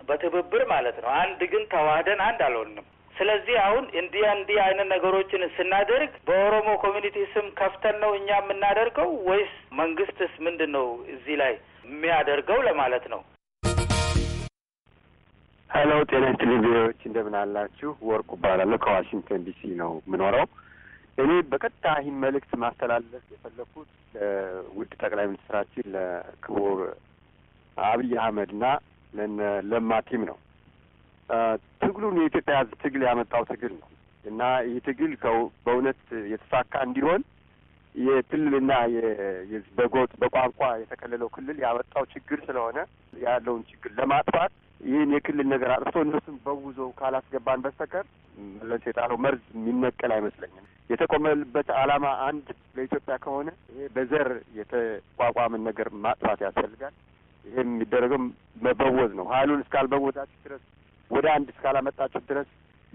L: በትብብር ማለት ነው። አንድ ግን ተዋህደን አንድ አልሆንም። ስለዚህ አሁን እንዲህ እንዲህ አይነት ነገሮችን ስናደርግ በኦሮሞ ኮሚኒቲ ስም ከፍተን ነው እኛ የምናደርገው ወይስ መንግስትስ ምንድን ነው እዚህ ላይ የሚያደርገው ለማለት ነው።
M: ሄሎ፣ ጤና ቴሌቪዎች እንደምን አላችሁ? ወርቁ እባላለሁ ከዋሽንግተን ዲሲ ነው የምኖረው። እኔ በቀጥታ ይህን መልእክት ማስተላለፍ የፈለኩት ውድ ጠቅላይ ሚኒስትራችን ለክቡር አብይ አህመድና ለነ ቲም ነው። ትግሉን የኢትዮጵያ ህዝብ ትግል ያመጣው ትግል ነው እና ይህ ትግል ከው በእውነት የተሳካ እንዲሆን የክልልና በጎጥ በቋንቋ የተከለለው ክልል ያመጣው ችግር ስለሆነ ያለውን ችግር ለማጥፋት ይህን የክልል ነገር አጥፍቶ እነሱን በውዞ ካላስገባን በስተቀር መለስ የጣለው መርዝ የሚነቀል አይመስለኝም። የተቆመልበት ዓላማ አንድ ለኢትዮጵያ ከሆነ ይሄ በዘር የተቋቋመን ነገር ማጥፋት ያስፈልጋል። ይሄ የሚደረገው መበወዝ ነው። ሀይሉን እስካልበወዛችሁ ድረስ ወደ አንድ እስካላመጣችሁ ድረስ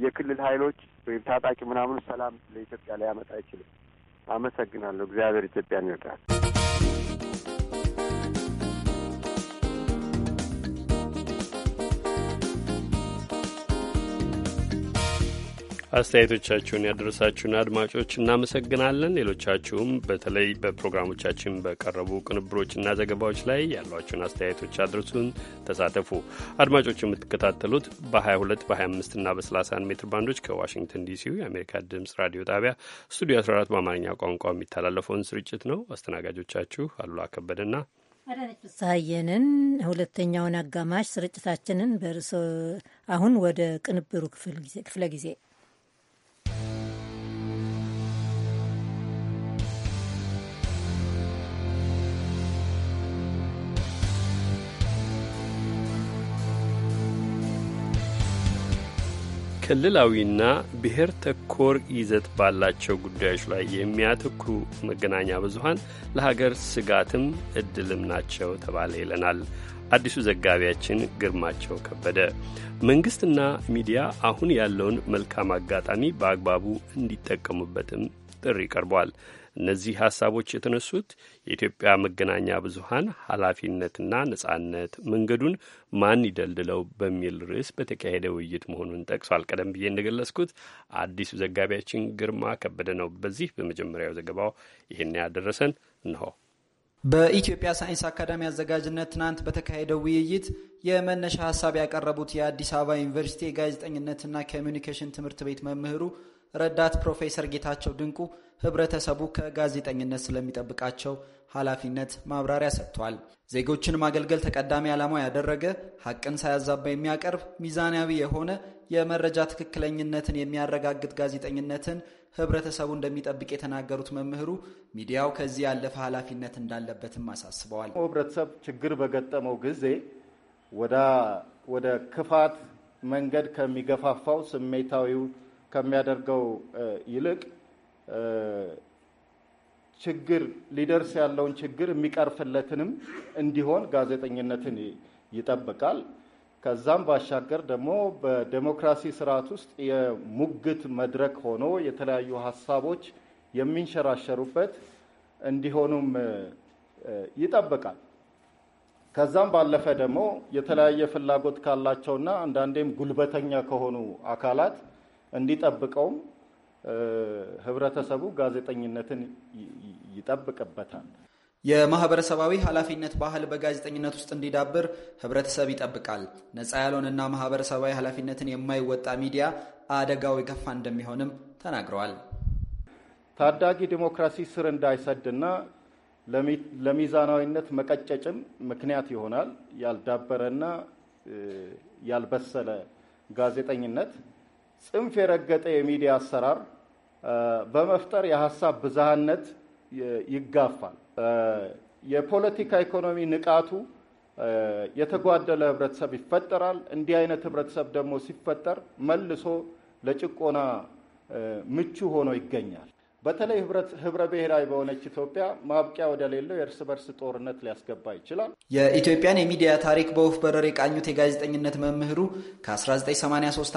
M: የክልል ሀይሎች ወይም ታጣቂ ምናምኑ ሰላም ለኢትዮጵያ ሊያመጣ አይችልም። አመሰግናለሁ። እግዚአብሔር ኢትዮጵያን ይርዳል።
A: አስተያየቶቻችሁን ያደረሳችሁን አድማጮች እናመሰግናለን። ሌሎቻችሁም በተለይ በፕሮግራሞቻችን በቀረቡ ቅንብሮችና ዘገባዎች ላይ ያሏችሁን አስተያየቶች አድርሱን፣ ተሳተፉ። አድማጮች የምትከታተሉት በ22 በ25 እና በ31 ሜትር ባንዶች ከዋሽንግተን ዲሲው የአሜሪካ ድምፅ ራዲዮ ጣቢያ ስቱዲዮ 14 በአማርኛ ቋንቋ የሚተላለፈውን ስርጭት ነው። አስተናጋጆቻችሁ አሉላ ከበደና
C: ሳየንን ሁለተኛውን አጋማሽ ስርጭታችንን በርሶ አሁን ወደ ቅንብሩ ክፍለ ጊዜ
A: ክልላዊና ብሔር ተኮር ይዘት ባላቸው ጉዳዮች ላይ የሚያተኩሩ መገናኛ ብዙኃን ለሀገር ስጋትም እድልም ናቸው ተባለ ይለናል አዲሱ ዘጋቢያችን ግርማቸው ከበደ። መንግስትና ሚዲያ አሁን ያለውን መልካም አጋጣሚ በአግባቡ እንዲጠቀሙበትም ጥሪ ቀርቧል። እነዚህ ሀሳቦች የተነሱት የኢትዮጵያ መገናኛ ብዙሀን ኃላፊነትና ነጻነት መንገዱን ማን ይደልድለው በሚል ርዕስ በተካሄደ ውይይት መሆኑን ጠቅሷል። ቀደም ብዬ እንደገለጽኩት አዲሱ ዘጋቢያችን ግርማ ከበደ ነው። በዚህ በመጀመሪያው ዘገባው ይህን ያደረሰን እንሆ።
J: በኢትዮጵያ ሳይንስ አካዳሚ አዘጋጅነት ትናንት በተካሄደው ውይይት የመነሻ ሀሳብ ያቀረቡት የአዲስ አበባ ዩኒቨርሲቲ የጋዜጠኝነትና ኮሚኒኬሽን ትምህርት ቤት መምህሩ ረዳት ፕሮፌሰር ጌታቸው ድንቁ ህብረተሰቡ ከጋዜጠኝነት ስለሚጠብቃቸው ኃላፊነት ማብራሪያ ሰጥቷል። ዜጎችን ማገልገል ተቀዳሚ ዓላማው ያደረገ ሐቅን ሳያዛባ የሚያቀርብ ሚዛናዊ የሆነ የመረጃ ትክክለኝነትን የሚያረጋግጥ ጋዜጠኝነትን ህብረተሰቡ እንደሚጠብቅ የተናገሩት መምህሩ ሚዲያው ከዚህ ያለፈ ኃላፊነት እንዳለበትም አሳስበዋል።
I: ህብረተሰብ ችግር በገጠመው ጊዜ ወደ ክፋት መንገድ ከሚገፋፋው ስሜታዊው ከሚያደርገው ይልቅ ችግር ሊደርስ ያለውን ችግር የሚቀርፍለትንም እንዲሆን ጋዜጠኝነትን ይጠብቃል። ከዛም ባሻገር ደግሞ በዴሞክራሲ ስርዓት ውስጥ የሙግት መድረክ ሆኖ የተለያዩ ሀሳቦች የሚንሸራሸሩበት እንዲሆኑም ይጠብቃል። ከዛም ባለፈ ደግሞ የተለያየ ፍላጎት ካላቸውና አንዳንዴም ጉልበተኛ ከሆኑ አካላት እንዲጠብቀውም ህብረተሰቡ ጋዜጠኝነትን ይጠብቅበታል። የማህበረሰባዊ ኃላፊነት
J: ባህል በጋዜጠኝነት ውስጥ እንዲዳብር ህብረተሰብ ይጠብቃል። ነፃ ያልሆነና ማህበረሰባዊ ኃላፊነትን
I: የማይወጣ ሚዲያ አደጋው የከፋ እንደሚሆንም ተናግረዋል። ታዳጊ ዲሞክራሲ ስር እንዳይሰድና ለሚዛናዊነት መቀጨጭም ምክንያት ይሆናል። ያልዳበረና ያልበሰለ ጋዜጠኝነት ጽንፍ የረገጠ የሚዲያ አሰራር በመፍጠር የሀሳብ ብዝሃነት ይጋፋል። የፖለቲካ ኢኮኖሚ ንቃቱ የተጓደለ ህብረተሰብ ይፈጠራል። እንዲህ አይነት ህብረተሰብ ደግሞ ሲፈጠር መልሶ ለጭቆና ምቹ ሆኖ ይገኛል። በተለይ ህብረ ብሔራዊ በሆነች ኢትዮጵያ ማብቂያ ወደሌለው የእርስ በርስ ጦርነት ሊያስገባ ይችላል።
J: የኢትዮጵያን የሚዲያ ታሪክ በወፍ በረር የቃኙት የጋዜጠኝነት መምህሩ ከ1983 ዓ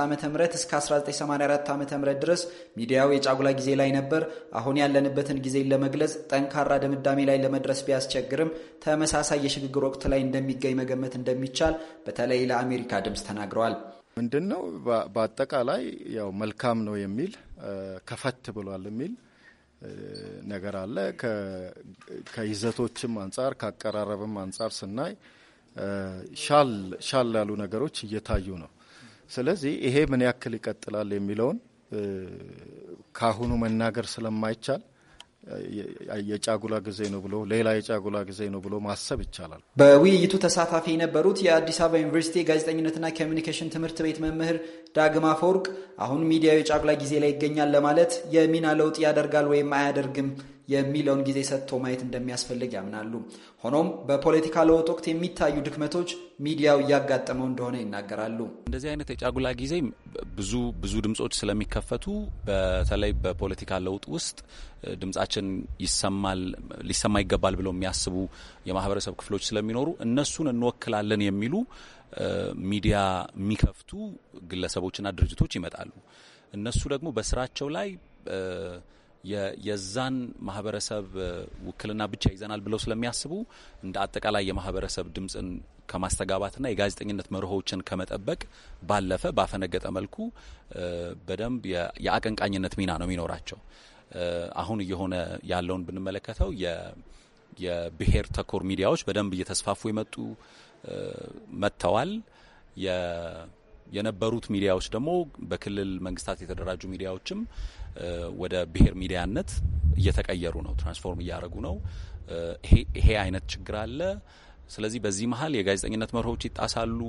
J: ም እስከ 1984 ዓ ም ድረስ ሚዲያው የጫጉላ ጊዜ ላይ ነበር። አሁን ያለንበትን ጊዜ ለመግለጽ ጠንካራ ድምዳሜ ላይ ለመድረስ ቢያስቸግርም ተመሳሳይ የሽግግር ወቅት ላይ እንደሚገኝ መገመት እንደሚቻል በተለይ ለአሜሪካ ድምፅ ተናግረዋል። ምንድን
I: ነው በአጠቃላይ ያው መልካም ነው የሚል ከፈት ብሏል የሚል ነገር አለ። ከይዘቶችም አንጻር ከአቀራረብም አንጻር ስናይ ሻል ያሉ ነገሮች እየታዩ ነው። ስለዚህ ይሄ ምን ያክል ይቀጥላል የሚለውን ካሁኑ መናገር ስለማይቻል የጫጉላ ጊዜ ነው ብሎ ሌላ የጫጉላ ጊዜ ነው ብሎ ማሰብ ይቻላል።
J: በውይይቱ ተሳታፊ የነበሩት የአዲስ አበባ ዩኒቨርሲቲ ጋዜጠኝነትና ኮሚኒኬሽን ትምህርት ቤት መምህር ዳግማ አፈወርቅ አሁን ሚዲያው የጫጉላ ጊዜ ላይ ይገኛል ለማለት የሚና ለውጥ ያደርጋል ወይም አያደርግም የሚለውን ጊዜ ሰጥቶ ማየት እንደሚያስፈልግ ያምናሉ። ሆኖም በፖለቲካ ለውጥ ወቅት የሚታዩ ድክመቶች ሚዲያው እያጋጠመው እንደሆነ ይናገራሉ።
H: እንደዚህ አይነት የጫጉላ ጊዜ ብዙ ብዙ ድምጾች ስለሚከፈቱ በተለይ በፖለቲካ ለውጥ ውስጥ ድምጻችን ይሰማል ሊሰማ ይገባል ብለው የሚያስቡ የማህበረሰብ ክፍሎች ስለሚኖሩ እነሱን እንወክላለን የሚሉ ሚዲያ የሚከፍቱ ግለሰቦችና ድርጅቶች ይመጣሉ። እነሱ ደግሞ በስራቸው ላይ የዛን ማህበረሰብ ውክልና ብቻ ይዘናል ብለው ስለሚያስቡ እንደ አጠቃላይ የማህበረሰብ ድምፅን ከማስተጋባትና የጋዜጠኝነት መርሆችን ከመጠበቅ ባለፈ ባፈነገጠ መልኩ በደንብ የአቀንቃኝነት ሚና ነው የሚኖራቸው። አሁን እየሆነ ያለውን ብንመለከተው የብሄር ተኮር ሚዲያዎች በደንብ እየተስፋፉ የመጡ መጥተዋል። የነበሩት ሚዲያዎች ደግሞ በክልል መንግስታት የተደራጁ ሚዲያዎችም ወደ ብሔር ሚዲያነት እየተቀየሩ ነው፣ ትራንስፎርም እያደረጉ ነው። ይሄ አይነት ችግር አለ። ስለዚህ በዚህ መሀል የጋዜጠኝነት መርሆች ይጣሳሉ።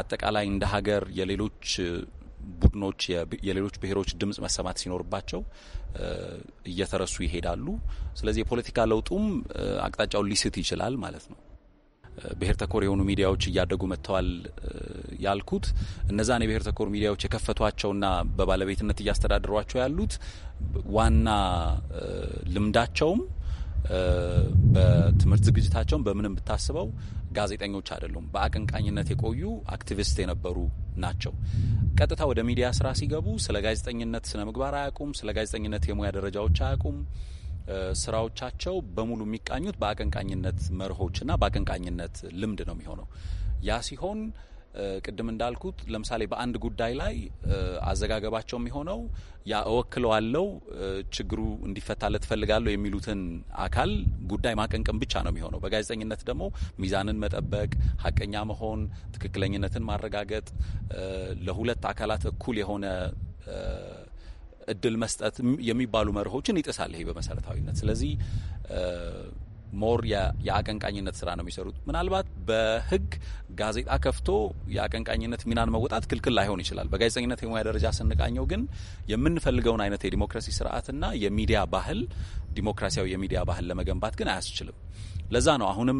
H: አጠቃላይ እንደ ሀገር የሌሎች ቡድኖች የሌሎች ብሔሮች ድምጽ መሰማት ሲኖርባቸው እየተረሱ ይሄዳሉ። ስለዚህ የፖለቲካ ለውጡም አቅጣጫውን ሊስት ይችላል ማለት ነው። ብሔር ተኮር የሆኑ ሚዲያዎች እያደጉ መጥተዋል ያልኩት እነዛን የብሔር ተኮር ሚዲያዎች የከፈቷቸውና በባለቤትነት እያስተዳድሯቸው ያሉት ዋና ልምዳቸውም በትምህርት ዝግጅታቸውን በምንም ብታስበው ጋዜጠኞች አይደሉም። በአቀንቃኝነት የቆዩ አክቲቪስት የነበሩ ናቸው። ቀጥታ ወደ ሚዲያ ስራ ሲገቡ ስለ ጋዜጠኝነት ስነ ምግባር አያውቁም። ስለ ጋዜጠኝነት የሙያ ደረጃዎች አያውቁም። ስራዎቻቸው በሙሉ የሚቃኙት በአቀንቃኝነት መርሆችና በአቀንቃኝነት ልምድ ነው የሚሆነው። ያ ሲሆን ቅድም እንዳልኩት ለምሳሌ በአንድ ጉዳይ ላይ አዘጋገባቸው የሚሆነው ያ እወክለዋለው፣ ችግሩ እንዲፈታለት ፈልጋለሁ የሚሉትን አካል ጉዳይ ማቀንቀን ብቻ ነው የሚሆነው። በጋዜጠኝነት ደግሞ ሚዛንን መጠበቅ፣ ሀቀኛ መሆን፣ ትክክለኝነትን ማረጋገጥ፣ ለሁለት አካላት እኩል የሆነ እድል መስጠት የሚባሉ መርሆችን ይጥሳል ይሄ በመሰረታዊነት። ስለዚህ ሞር የአቀንቃኝነት ስራ ነው የሚሰሩት። ምናልባት በህግ ጋዜጣ ከፍቶ የአቀንቃኝነት ሚናን መወጣት ክልክል ላይሆን ይችላል። በጋዜጠኝነት የሙያ ደረጃ ስንቃኘው ግን የምንፈልገውን አይነት የዲሞክራሲ ስርዓትና የሚዲያ ባህል ዲሞክራሲያዊ የሚዲያ ባህል ለመገንባት ግን አያስችልም። ለዛ ነው አሁንም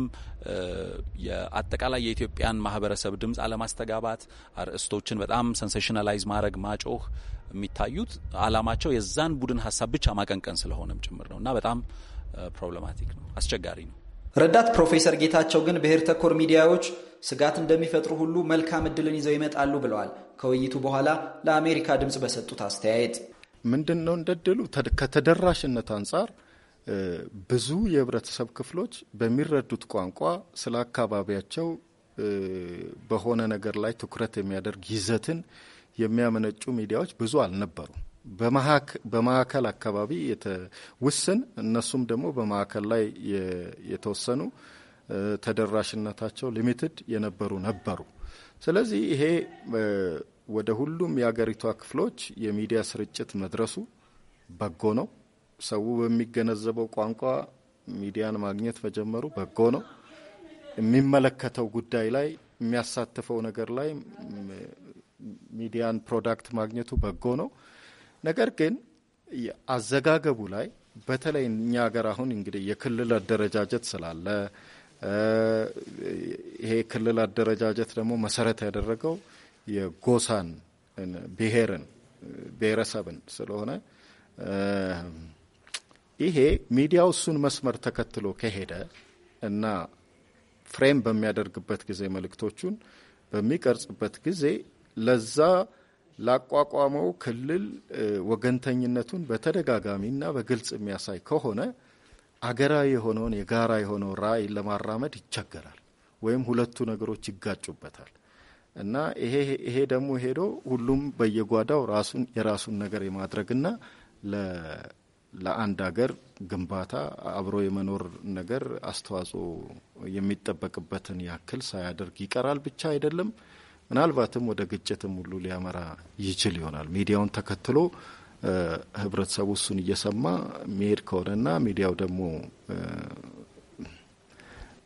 H: የአጠቃላይ የኢትዮጵያን ማህበረሰብ ድምፅ አለማስተጋባት፣ አርእስቶችን በጣም ሰንሴሽናላይዝ ማድረግ ማጮህ የሚታዩት አላማቸው የዛን ቡድን ሀሳብ ብቻ ማቀንቀን ስለሆነም ጭምር ነው እና በጣም ፕሮብለማቲክ ነው፣ አስቸጋሪ ነው። ረዳት ፕሮፌሰር ጌታቸው
J: ግን ብሔር ተኮር ሚዲያዎች ስጋት እንደሚፈጥሩ ሁሉ መልካም እድልን ይዘው ይመጣሉ ብለዋል። ከውይይቱ በኋላ ለአሜሪካ ድምፅ በሰጡት አስተያየት
I: ምንድን ነው እንደድሉ ከተደራሽነት አንጻር ብዙ የህብረተሰብ ክፍሎች በሚረዱት ቋንቋ ስለ አካባቢያቸው በሆነ ነገር ላይ ትኩረት የሚያደርግ ይዘትን የሚያመነጩ ሚዲያዎች ብዙ አልነበሩ። በማዕከል አካባቢ ውስን፣ እነሱም ደግሞ በማዕከል ላይ የተወሰኑ ተደራሽነታቸው ሊሚትድ የነበሩ ነበሩ። ስለዚህ ይሄ ወደ ሁሉም የአገሪቷ ክፍሎች የሚዲያ ስርጭት መድረሱ በጎ ነው። ሰው በሚገነዘበው ቋንቋ ሚዲያን ማግኘት መጀመሩ በጎ ነው። የሚመለከተው ጉዳይ ላይ የሚያሳትፈው ነገር ላይ ሚዲያን ፕሮዳክት ማግኘቱ በጎ ነው። ነገር ግን አዘጋገቡ ላይ በተለይ እኛ ሀገር አሁን እንግዲህ የክልል አደረጃጀት ስላለ ይሄ ክልል አደረጃጀት ደግሞ መሰረት ያደረገው የጎሳን፣ ብሔርን፣ ብሔረሰብን ስለሆነ ይሄ ሚዲያው እሱን መስመር ተከትሎ ከሄደ እና ፍሬም በሚያደርግበት ጊዜ መልእክቶቹን በሚቀርጽበት ጊዜ ለዛ ላቋቋመው ክልል ወገንተኝነቱን በተደጋጋሚና በግልጽ የሚያሳይ ከሆነ አገራዊ የሆነውን የጋራ የሆነው ራዕይን ለማራመድ ይቸገራል ወይም ሁለቱ ነገሮች ይጋጩበታል እና ይሄ ይሄ ደግሞ ሄዶ ሁሉም በየጓዳው ራሱን የራሱን ነገር የማድረግና ለአንድ ሀገር ግንባታ አብሮ የመኖር ነገር አስተዋጽኦ የሚጠበቅበትን ያክል ሳያደርግ ይቀራል ብቻ አይደለም ምናልባትም ወደ ግጭትም ሁሉ ሊያመራ ይችል ይሆናል። ሚዲያውን ተከትሎ ህብረተሰቡ እሱን እየሰማ መሄድ ከሆነና ሚዲያው ደግሞ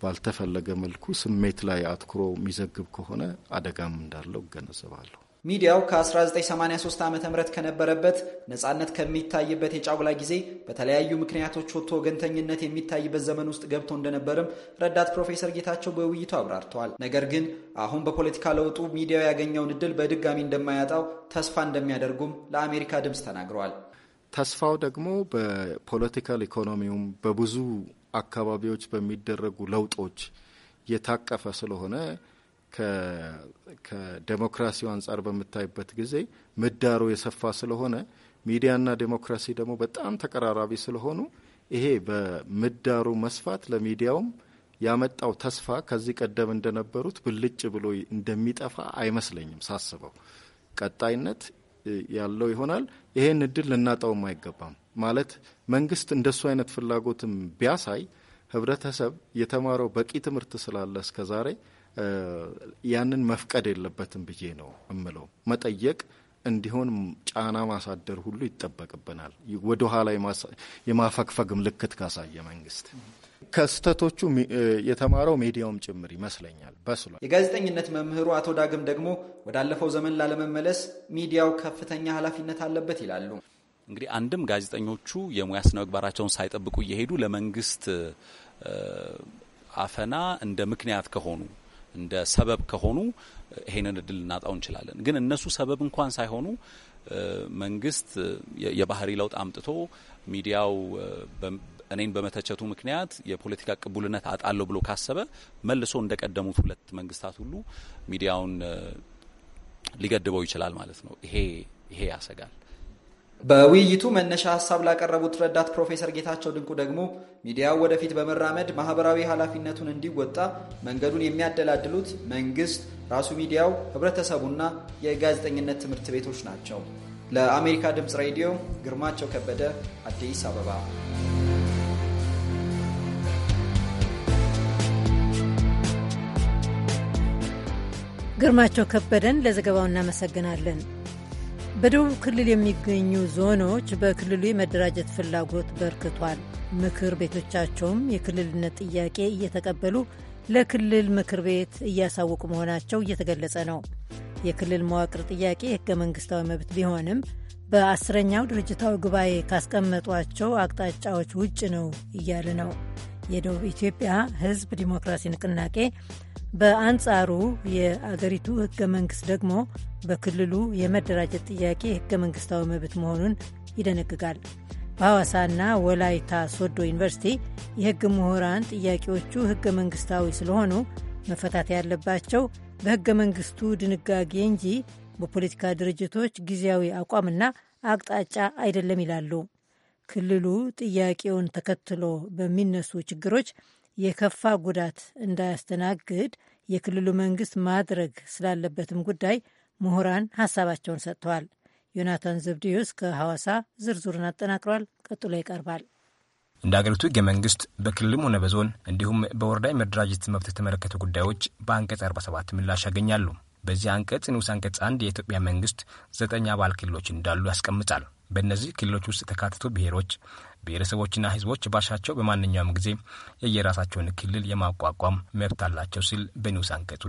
I: ባልተፈለገ መልኩ ስሜት ላይ አትኩሮ የሚዘግብ ከሆነ አደጋም እንዳለው እገነዘባለሁ።
J: ሚዲያው ከ1983 ዓ ም ከነበረበት ነፃነት ከሚታይበት የጫጉላ ጊዜ በተለያዩ ምክንያቶች ወጥቶ ወገንተኝነት የሚታይበት ዘመን ውስጥ ገብቶ እንደነበርም ረዳት ፕሮፌሰር ጌታቸው በውይይቱ አብራርተዋል። ነገር ግን አሁን በፖለቲካ ለውጡ ሚዲያው ያገኘውን እድል በድጋሚ እንደማያጣው ተስፋ እንደሚያደርጉም ለአሜሪካ ድምፅ ተናግረዋል።
I: ተስፋው ደግሞ በፖለቲካል ኢኮኖሚውም በብዙ አካባቢዎች በሚደረጉ ለውጦች የታቀፈ ስለሆነ ከዴሞክራሲው አንጻር በምታይበት ጊዜ ምህዳሩ የሰፋ ስለሆነ ሚዲያና ዴሞክራሲ ደግሞ በጣም ተቀራራቢ ስለሆኑ ይሄ በምህዳሩ መስፋት ለሚዲያውም ያመጣው ተስፋ ከዚህ ቀደም እንደነበሩት ብልጭ ብሎ እንደሚጠፋ አይመስለኝም ሳስበው ቀጣይነት ያለው ይሆናል። ይሄን እድል ልናጣውም አይገባም። ማለት መንግስት እንደሱ አይነት ፍላጎትም ቢያሳይ ህብረተሰብ የተማረው በቂ ትምህርት ስላለ እስከዛሬ ያንን መፍቀድ የለበትም ብዬ ነው እምለው። መጠየቅ እንዲሆን ጫና ማሳደር ሁሉ ይጠበቅብናል። ወደኋላ የማፈግፈግ ምልክት ካሳየ መንግስት ከስህተቶቹ የተማረው ሚዲያውም
H: ጭምር ይመስለኛል በስሏል።
J: የጋዜጠኝነት መምህሩ አቶ ዳግም ደግሞ ወዳለፈው ዘመን ላለመመለስ ሚዲያው ከፍተኛ ኃላፊነት አለበት ይላሉ።
H: እንግዲህ አንድም ጋዜጠኞቹ የሙያ ስነ ምግባራቸውን ሳይጠብቁ እየሄዱ ለመንግስት አፈና እንደ ምክንያት ከሆኑ እንደ ሰበብ ከሆኑ ይሄንን እድል ልናጣው እንችላለን። ግን እነሱ ሰበብ እንኳን ሳይሆኑ መንግስት የባህሪ ለውጥ አምጥቶ ሚዲያው እኔን በመተቸቱ ምክንያት የፖለቲካ ቅቡልነት አጣለሁ ብሎ ካሰበ መልሶ እንደቀደሙት ሁለት መንግስታት ሁሉ ሚዲያውን ሊገድበው ይችላል ማለት ነው። ይሄ ይሄ ያሰጋል። በውይይቱ
J: መነሻ ሀሳብ ላቀረቡት ረዳት ፕሮፌሰር ጌታቸው ድንቁ ደግሞ ሚዲያው ወደፊት በመራመድ ማህበራዊ ኃላፊነቱን እንዲወጣ መንገዱን የሚያደላድሉት መንግስት፣ ራሱ ሚዲያው፣ ህብረተሰቡና የጋዜጠኝነት ትምህርት ቤቶች ናቸው። ለአሜሪካ ድምፅ ሬዲዮ ግርማቸው ከበደ አዲስ አበባ።
C: ግርማቸው ከበደን ለዘገባው እናመሰግናለን። በደቡብ ክልል የሚገኙ ዞኖች በክልሉ የመደራጀት ፍላጎት በርክቷል። ምክር ቤቶቻቸውም የክልልነት ጥያቄ እየተቀበሉ ለክልል ምክር ቤት እያሳወቁ መሆናቸው እየተገለጸ ነው። የክልል መዋቅር ጥያቄ የህገ መንግስታዊ መብት ቢሆንም በአስረኛው ድርጅታዊ ጉባኤ ካስቀመጧቸው አቅጣጫዎች ውጭ ነው እያለ ነው። የደቡብ ኢትዮጵያ ህዝብ ዲሞክራሲ ንቅናቄ በአንጻሩ የአገሪቱ ህገ መንግስት ደግሞ በክልሉ የመደራጀት ጥያቄ ህገ መንግስታዊ መብት መሆኑን ይደነግጋል። በሐዋሳና ወላይታ ሶዶ ዩኒቨርሲቲ የህግ ምሁራን ጥያቄዎቹ ህገ መንግስታዊ ስለሆኑ መፈታት ያለባቸው በህገ መንግስቱ ድንጋጌ እንጂ በፖለቲካ ድርጅቶች ጊዜያዊ አቋምና አቅጣጫ አይደለም ይላሉ። ክልሉ ጥያቄውን ተከትሎ በሚነሱ ችግሮች የከፋ ጉዳት እንዳያስተናግድ የክልሉ መንግስት ማድረግ ስላለበትም ጉዳይ ምሁራን ሀሳባቸውን ሰጥተዋል። ዮናታን ዘብድዮስ ከሐዋሳ ዝርዝሩን አጠናቅሯል። ቀጥሎ ይቀርባል።
N: እንደ አገሪቱ ህገ መንግስት በክልልም ሆነ በዞን እንዲሁም በወረዳ የመደራጀት መብት የተመለከቱ ጉዳዮች በአንቀጽ 47 ምላሽ ያገኛሉ። በዚህ አንቀጽ ንዑስ አንቀጽ አንድ የኢትዮጵያ መንግስት ዘጠኝ አባል ክልሎች እንዳሉ ያስቀምጣል። በእነዚህ ክልሎች ውስጥ የተካተቱ ብሔሮች፣ ብሔረሰቦችና ህዝቦች ባሻቸው በማንኛውም ጊዜ የየራሳቸውን ክልል የማቋቋም መብት አላቸው ሲል በንዑስ አንቀጹ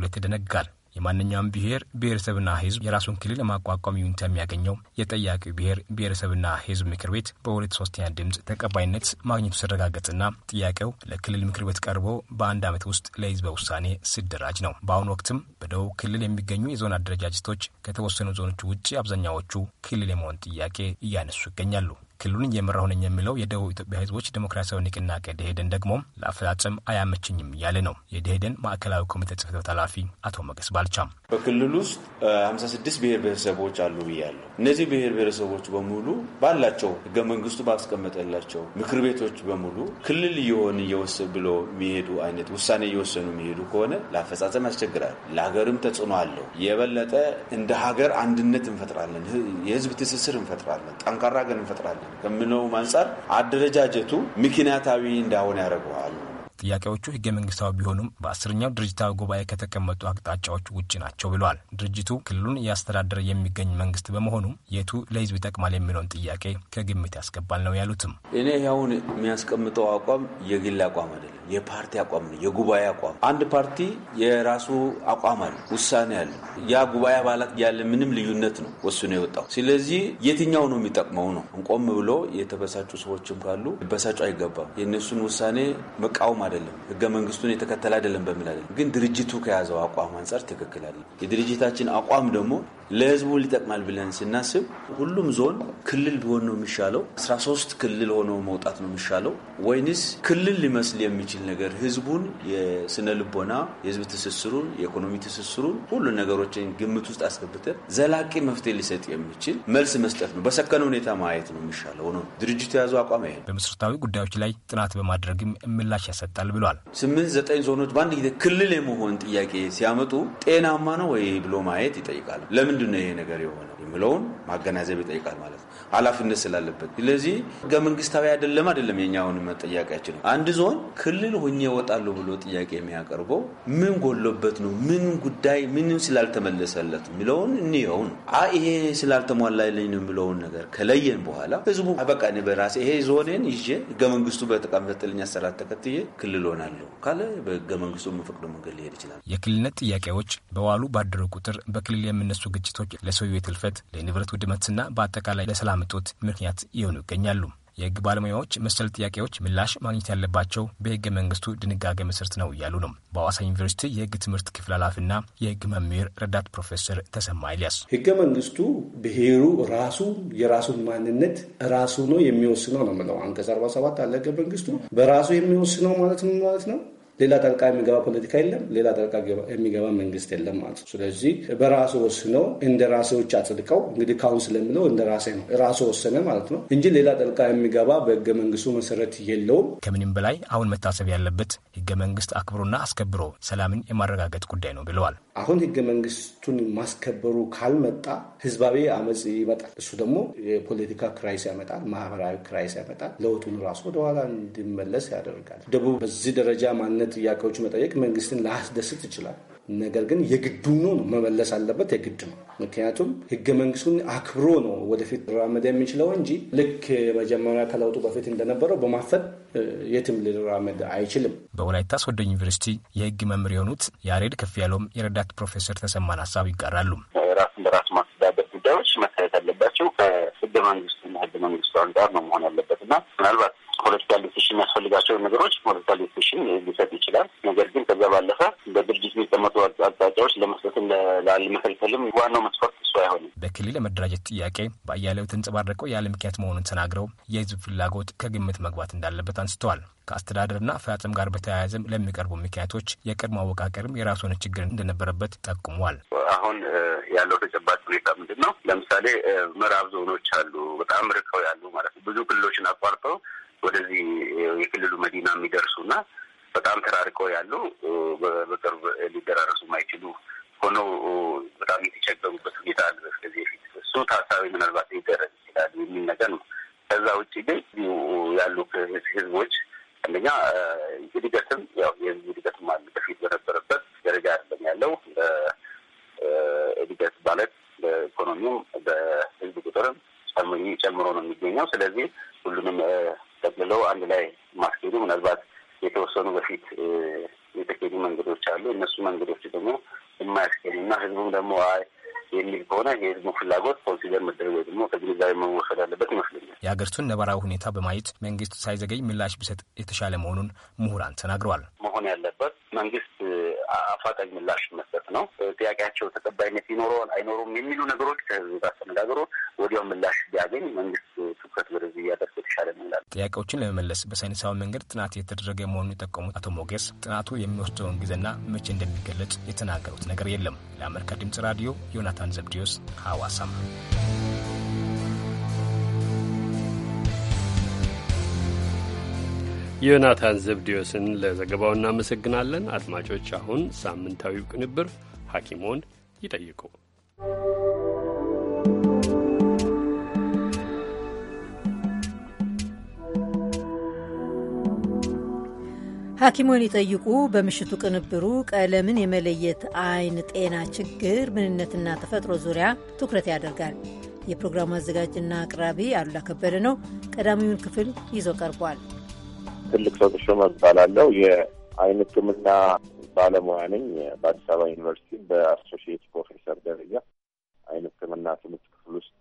N: የማንኛውም ብሔር ብሔረሰብና ህዝብ የራሱን ክልል ለማቋቋም ይሁንታ የሚያገኘው የጠያቂው ብሔር ብሔረሰብና ህዝብ ምክር ቤት በሁለት ሶስተኛ ድምፅ ተቀባይነት ማግኘቱ ሲረጋገጥና ጥያቄው ለክልል ምክር ቤት ቀርቦ በአንድ ዓመት ውስጥ ለህዝበ ውሳኔ ሲደራጅ ነው። በአሁኑ ወቅትም በደቡብ ክልል የሚገኙ የዞን አደረጃጀቶች ከተወሰኑ ዞኖች ውጭ አብዛኛዎቹ ክልል የመሆን ጥያቄ እያነሱ ይገኛሉ። ክልሉን እየመራሁ ነኝ የሚለው የደቡብ ኢትዮጵያ ህዝቦች ዴሞክራሲያዊ ንቅናቄ ደሄደን ደግሞ ለአፈጻጸም አያመችኝም እያለ ነው። የደሄደን ማዕከላዊ ኮሚቴ ጽህፈት ኃላፊ አቶ መቀስ ባልቻም
B: በክልሉ ውስጥ 56 ብሔር ብሔረሰቦች አሉ ብያለሁ። እነዚህ ብሔር ብሔረሰቦች በሙሉ ባላቸው ህገ መንግስቱ ባስቀመጠላቸው ምክር ቤቶች በሙሉ ክልል እየሆን እየወሰ ብሎ የሚሄዱ አይነት ውሳኔ እየወሰኑ የሚሄዱ ከሆነ ለአፈጻጸም ያስቸግራል። ለሀገርም ተጽዕኖ አለው። የበለጠ እንደ ሀገር አንድነት እንፈጥራለን፣ የህዝብ ትስስር እንፈጥራለን፣ ጠንካራ ሀገር እንፈጥራለን ከምነውም አንጻር አደረጃጀቱ ምክንያታዊ እንዳሆነ ያደርገዋል።
N: ጥያቄዎቹ ህገ መንግስታዊ ቢሆኑም በአስረኛው ድርጅታዊ ጉባኤ ከተቀመጡ አቅጣጫዎች ውጭ ናቸው ብለዋል። ድርጅቱ ክልሉን እያስተዳደረ የሚገኝ መንግስት በመሆኑም የቱ ለህዝብ ይጠቅማል የሚለውን ጥያቄ ከግምት ያስገባል ነው ያሉትም።
B: እኔ ያሁን የሚያስቀምጠው አቋም የግል አቋም አይደለም፣ የፓርቲ አቋም ነው፣ የጉባኤ አቋም። አንድ ፓርቲ የራሱ አቋም አለ፣ ውሳኔ አለ። ያ ጉባኤ አባላት ያለ ምንም ልዩነት ነው ወስኖ የወጣው። ስለዚህ የትኛው ነው የሚጠቅመው ነው። እንቆም ብሎ የተበሳጩ ሰዎችም ካሉ በሳጩ አይገባም። የእነሱን ውሳኔ መቃወም አይደለም፣ ህገ መንግስቱን የተከተለ አይደለም በሚል አይደለም። ግን ድርጅቱ ከያዘው አቋም አንጻር ትክክል አይደለም። የድርጅታችን አቋም ደግሞ ለህዝቡ ሊጠቅማል ብለን ስናስብ ሁሉም ዞን ክልል ቢሆን ነው የሚሻለው? 13 ክልል ሆኖ መውጣት ነው የሚሻለው ወይንስ ክልል ሊመስል የሚችል ነገር ህዝቡን የስነ ልቦና፣ የህዝብ ትስስሩን፣ የኢኮኖሚ ትስስሩን ሁሉ ነገሮችን ግምት ውስጥ አስገብተን ዘላቂ መፍትሄ ሊሰጥ የሚችል መልስ መስጠት ነው። በሰከነ ሁኔታ ማየት ነው የሚሻለው ነው ድርጅቱ የያዙ አቋም ይሄ።
N: በመሰረታዊ ጉዳዮች ላይ ጥናት በማድረግም ምላሽ ያሰጣል ብሏል። ስምንት
B: ዘጠኝ ዞኖች በአንድ ጊዜ ክልል የመሆን ጥያቄ ሲያመጡ ጤናማ ነው ወይ ብሎ ማየት ይጠይቃል። ለምን ለምንድን ነው ይሄ ነገር የሆነው የሚለውን ማገናዘብ ይጠይቃል ማለት ነው። ኃላፊነት ስላለበት ስለዚህ ህገ መንግስታዊ አይደለም አይደለም የኛ አሁን ነው። አንድ ዞን ክልል ሆኜ እወጣለሁ ብሎ ጥያቄ የሚያቀርበው ምን ጎሎበት ነው? ምን ጉዳይ ምንም ስላልተመለሰለት የሚለውን እንየው ነው። ይሄ ስላልተሟላልኝ ነው የሚለውን ነገር ከለየን በኋላ ህዝቡ በቃ እኔ በራሴ ይሄ ዞኔን ይዤ ህገ መንግስቱ በተቀመጠልኝ አሰራር ተከትዬ ክልል ሆናለሁ ካለ በህገ መንግስቱ የምፈቅደው መንገድ
N: ሊሄድ ይችላል። የክልልነት ጥያቄዎች በዋሉ ባደረ ቁጥር በክልል የሚነሱ ግጭቶች ለሰው ህልፈት፣ ለንብረት ውድመትና በአጠቃላይ ለሰላም ለሚያመጡት ምክንያት የሆኑ ይገኛሉ። የህግ ባለሙያዎች መሰል ጥያቄዎች ምላሽ ማግኘት ያለባቸው በህገ መንግስቱ ድንጋጌ መሰረት ነው እያሉ ነው። በአዋሳ ዩኒቨርሲቲ የህግ ትምህርት ክፍል ኃላፊና የህግ መምህር ረዳት ፕሮፌሰር ተሰማ ኤልያስ ህገ መንግስቱ
A: ብሔሩ ራሱ የራሱን ማንነት ራሱ ነው የሚወስነው ነው ምለው አንቀጽ
F: 47 አለ ህገ መንግስቱ በራሱ የሚወስነው ማለት ነው ማለት ነው ሌላ ጠልቃ የሚገባ ፖለቲካ የለም፣ ሌላ ጠልቃ የሚገባ መንግስት የለም ማለት ነው። ስለዚህ በራሱ ወስነው እንደ ራሴዎች አጽድቀው እንግዲህ ካውንስል የምለው እንደ ራሴ ነው ራሱ ወሰነ ማለት ነው እንጂ ሌላ ጠልቃ የሚገባ በህገ መንግስቱ
N: መሰረት የለውም። ከምንም በላይ አሁን መታሰብ ያለበት ህገ መንግስት አክብሮና አስከብሮ ሰላምን የማረጋገጥ ጉዳይ ነው ብለዋል።
F: አሁን ህገ መንግስቱን ማስከበሩ ካልመጣ ህዝባዊ አመፅ ይመጣል። እሱ ደግሞ የፖለቲካ ክራይስ ያመጣል፣ ማህበራዊ ክራይስ ያመጣል። ለውጡን ራሱ ወደኋላ እንዲመለስ ያደርጋል። ደቡብ በዚህ ደረጃ ማንነት ጥያቄዎች መጠየቅ መንግስትን ላያስደስት ይችላል። ነገር ግን የግዱ ነው መመለስ አለበት። የግድ ነው። ምክንያቱም ህገ መንግስቱን አክብሮ ነው ወደፊት ራመድ የሚችለው እንጂ ልክ መጀመሪያ ከለውጡ በፊት እንደነበረው በማፈን የትም ሊራመድ አይችልም።
N: በወላይታ ሶዶ ዩኒቨርሲቲ የህግ መምህር የሆኑት ያሬድ ከፍ ያለውም የረዳት ፕሮፌሰር ተሰማን ሀሳብ ይጋራሉ። ራስን በራስ ማስተዳደር
G: ጉዳዮች መታየት አለባቸው። ከህገ መንግስቱና ህገ መንግስቱ አንጻር ነው መሆን ያለበት እና ምናልባት ፖለቲካ ሶሉሽን የሚያስፈልጋቸውን ነገሮች ፖለቲካል ሶሉሽን ሊሰጥ ይችላል። ነገር ግን ከዛ ባለፈ በድርጅት የሚቀመጡ አቅጣጫዎች ለመስጠትም ላለመከልከልም ዋናው መስፈርት እሱ አይሆንም።
N: በክልል የመደራጀት ጥያቄ በአያሌው ተንጸባረቀው ያለ ምክንያት መሆኑን ተናግረው የህዝብ ፍላጎት ከግምት መግባት እንዳለበት አንስተዋል። ከአስተዳደርና አፈጻጸም ጋር በተያያዘም ለሚቀርቡ ምክንያቶች የቅድሞ አወቃቀርም የራሱን ችግር እንደነበረበት ጠቁሟል።
G: አሁን ያለው ተጨባጭ ሁኔታ ምንድን ነው? ለምሳሌ ምዕራብ ዞኖች አሉ፣ በጣም ርቀው ያሉ ማለት ነው። ብዙ ክልሎችን አቋርጠው መዲና የሚደርሱና በጣም ተራርቀው ያሉ
N: የሀገሪቱን ነባራዊ ሁኔታ በማየት መንግስት ሳይዘገይ ምላሽ ቢሰጥ የተሻለ መሆኑን ምሁራን ተናግረዋል።
G: መሆን ያለበት መንግስት አፋጣኝ ምላሽ መስጠት ነው። ጥያቄያቸው ተቀባይነት ይኖረዋል አይኖሩም የሚሉ ነገሮች ከህዝብ ጋር ተነጋግሮ ወዲያው ምላሽ ቢያገኝ መንግስት ትኩረት ወደዚህ እያደርግ የተሻለ ይላል።
N: ጥያቄዎችን ለመመለስ በሳይንሳዊ መንገድ ጥናት የተደረገ መሆኑን የጠቀሙት አቶ ሞገስ ጥናቱ የሚወስደውን ጊዜና መቼ እንደሚገለጽ የተናገሩት ነገር የለም። ለአሜሪካ ድምጽ ራዲዮ ዮናታን ዘብዲዮስ ሐዋሳም
A: ዮናታን ዘብዲዮስን ለዘገባው እናመሰግናለን። አድማጮች፣ አሁን ሳምንታዊው ቅንብር ሐኪሞን ይጠይቁ
C: ሐኪሞን ይጠይቁ በምሽቱ ቅንብሩ ቀለምን የመለየት አይን ጤና ችግር ምንነትና ተፈጥሮ ዙሪያ ትኩረት ያደርጋል። የፕሮግራሙ አዘጋጅና አቅራቢ አሉላ ከበደ ነው። ቀዳሚውን ክፍል ይዞ ቀርቧል።
O: ትልቅ ሰው ተሾመ እባላለሁ። የአይን ሕክምና ባለሙያ ነኝ። በአዲስ አበባ ዩኒቨርሲቲ በአሶሺየት ፕሮፌሰር ደረጃ አይን ሕክምና ትምህርት ክፍል ውስጥ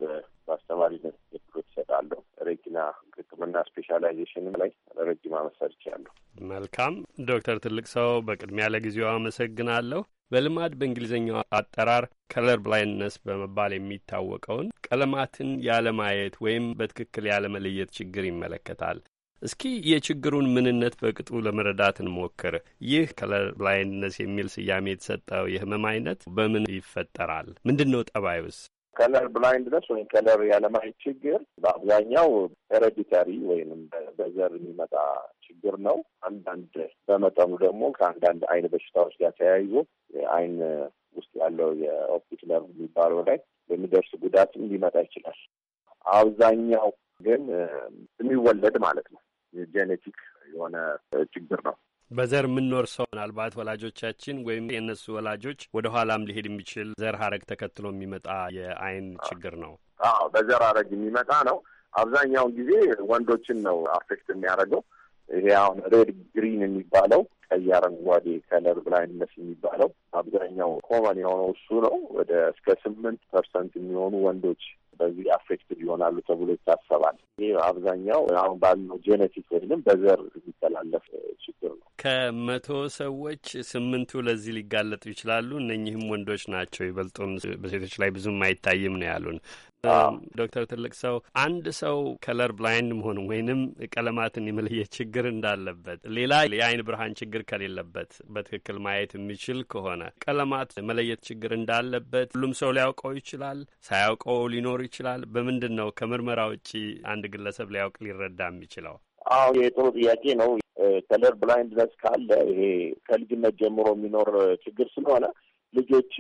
O: በአስተማሪነት አገልግሎት ይሰጣለሁ። ሬቲና ሕክምና ስፔሻላይዜሽን
A: ላይ ረጅም ዓመት ሰርቻለሁ። መልካም ዶክተር ትልቅ ሰው በቅድሚያ ለጊዜው አመሰግናለሁ። በልማድ በእንግሊዝኛው አጠራር ከለር ብላይንድነስ በመባል የሚታወቀውን ቀለማትን ያለማየት ወይም በትክክል ያለመለየት ችግር ይመለከታል። እስኪ የችግሩን ምንነት በቅጡ ለመረዳት እንሞክር። ይህ ከለር ብላይንድነስ የሚል ስያሜ የተሰጠው የህመም አይነት በምን ይፈጠራል? ምንድን ነው ጠባዩስ? ከለር
O: ብላይንድነስ ወይም ከለር ያለማየት ችግር በአብዛኛው ሄረዲተሪ ወይም በዘር የሚመጣ ችግር ነው። አንዳንድ በመጠኑ ደግሞ ከአንዳንድ አይን በሽታዎች ጋር ተያይዞ አይን ውስጥ ያለው የኦፕቲክ ነርቭ የሚባለው ላይ የሚደርስ ጉዳትም ሊመጣ ይችላል። አብዛኛው ግን የሚወለድ ማለት ነው ጄኔቲክ የሆነ ችግር
A: ነው። በዘር የምንኖር ሰው ምናልባት ወላጆቻችን ወይም የእነሱ ወላጆች ወደ ኋላም ሊሄድ የሚችል ዘር ሀረግ ተከትሎ የሚመጣ የአይን ችግር ነው።
O: አዎ በዘር ሀረግ የሚመጣ ነው። አብዛኛውን ጊዜ ወንዶችን ነው አፌክት የሚያደርገው። ይሄ አሁን ሬድ ግሪን የሚባለው ቀይ አረንጓዴ ከለር ብላይንድነስ የሚባለው አብዛኛው ኮመን የሆነው እሱ ነው። ወደ እስከ ስምንት ፐርሰንት የሚሆኑ ወንዶች በዚህ አፌክትድ ይሆናሉ ተብሎ ይታሰባል። ይህ አብዛኛው አሁን ባለው ጄኔቲክ ወይም በዘር የሚተላለፍ
A: ችግር ነው። ከመቶ ሰዎች ስምንቱ ለዚህ ሊጋለጡ ይችላሉ። እነኚህም ወንዶች ናቸው። ይበልጡን በሴቶች ላይ ብዙም አይታይም ነው ያሉን። ዶክተር ትልቅ ሰው አንድ ሰው ከለር ብላይንድ መሆን ወይንም ቀለማትን የመለየት ችግር እንዳለበት ሌላ የአይን ብርሃን ችግር ከሌለበት በትክክል ማየት የሚችል ከሆነ ቀለማት መለየት ችግር እንዳለበት ሁሉም ሰው ሊያውቀው ይችላል፣ ሳያውቀው ሊኖር ይችላል። በምንድን ነው ከምርመራ ውጪ አንድ ግለሰብ ሊያውቅ ሊረዳ የሚችለው?
O: አዎ ጥሩ ጥያቄ ነው። ከለር ብላይንድነስ ካለ ይሄ ከልጅነት ጀምሮ የሚኖር ችግር ስለሆነ ልጆች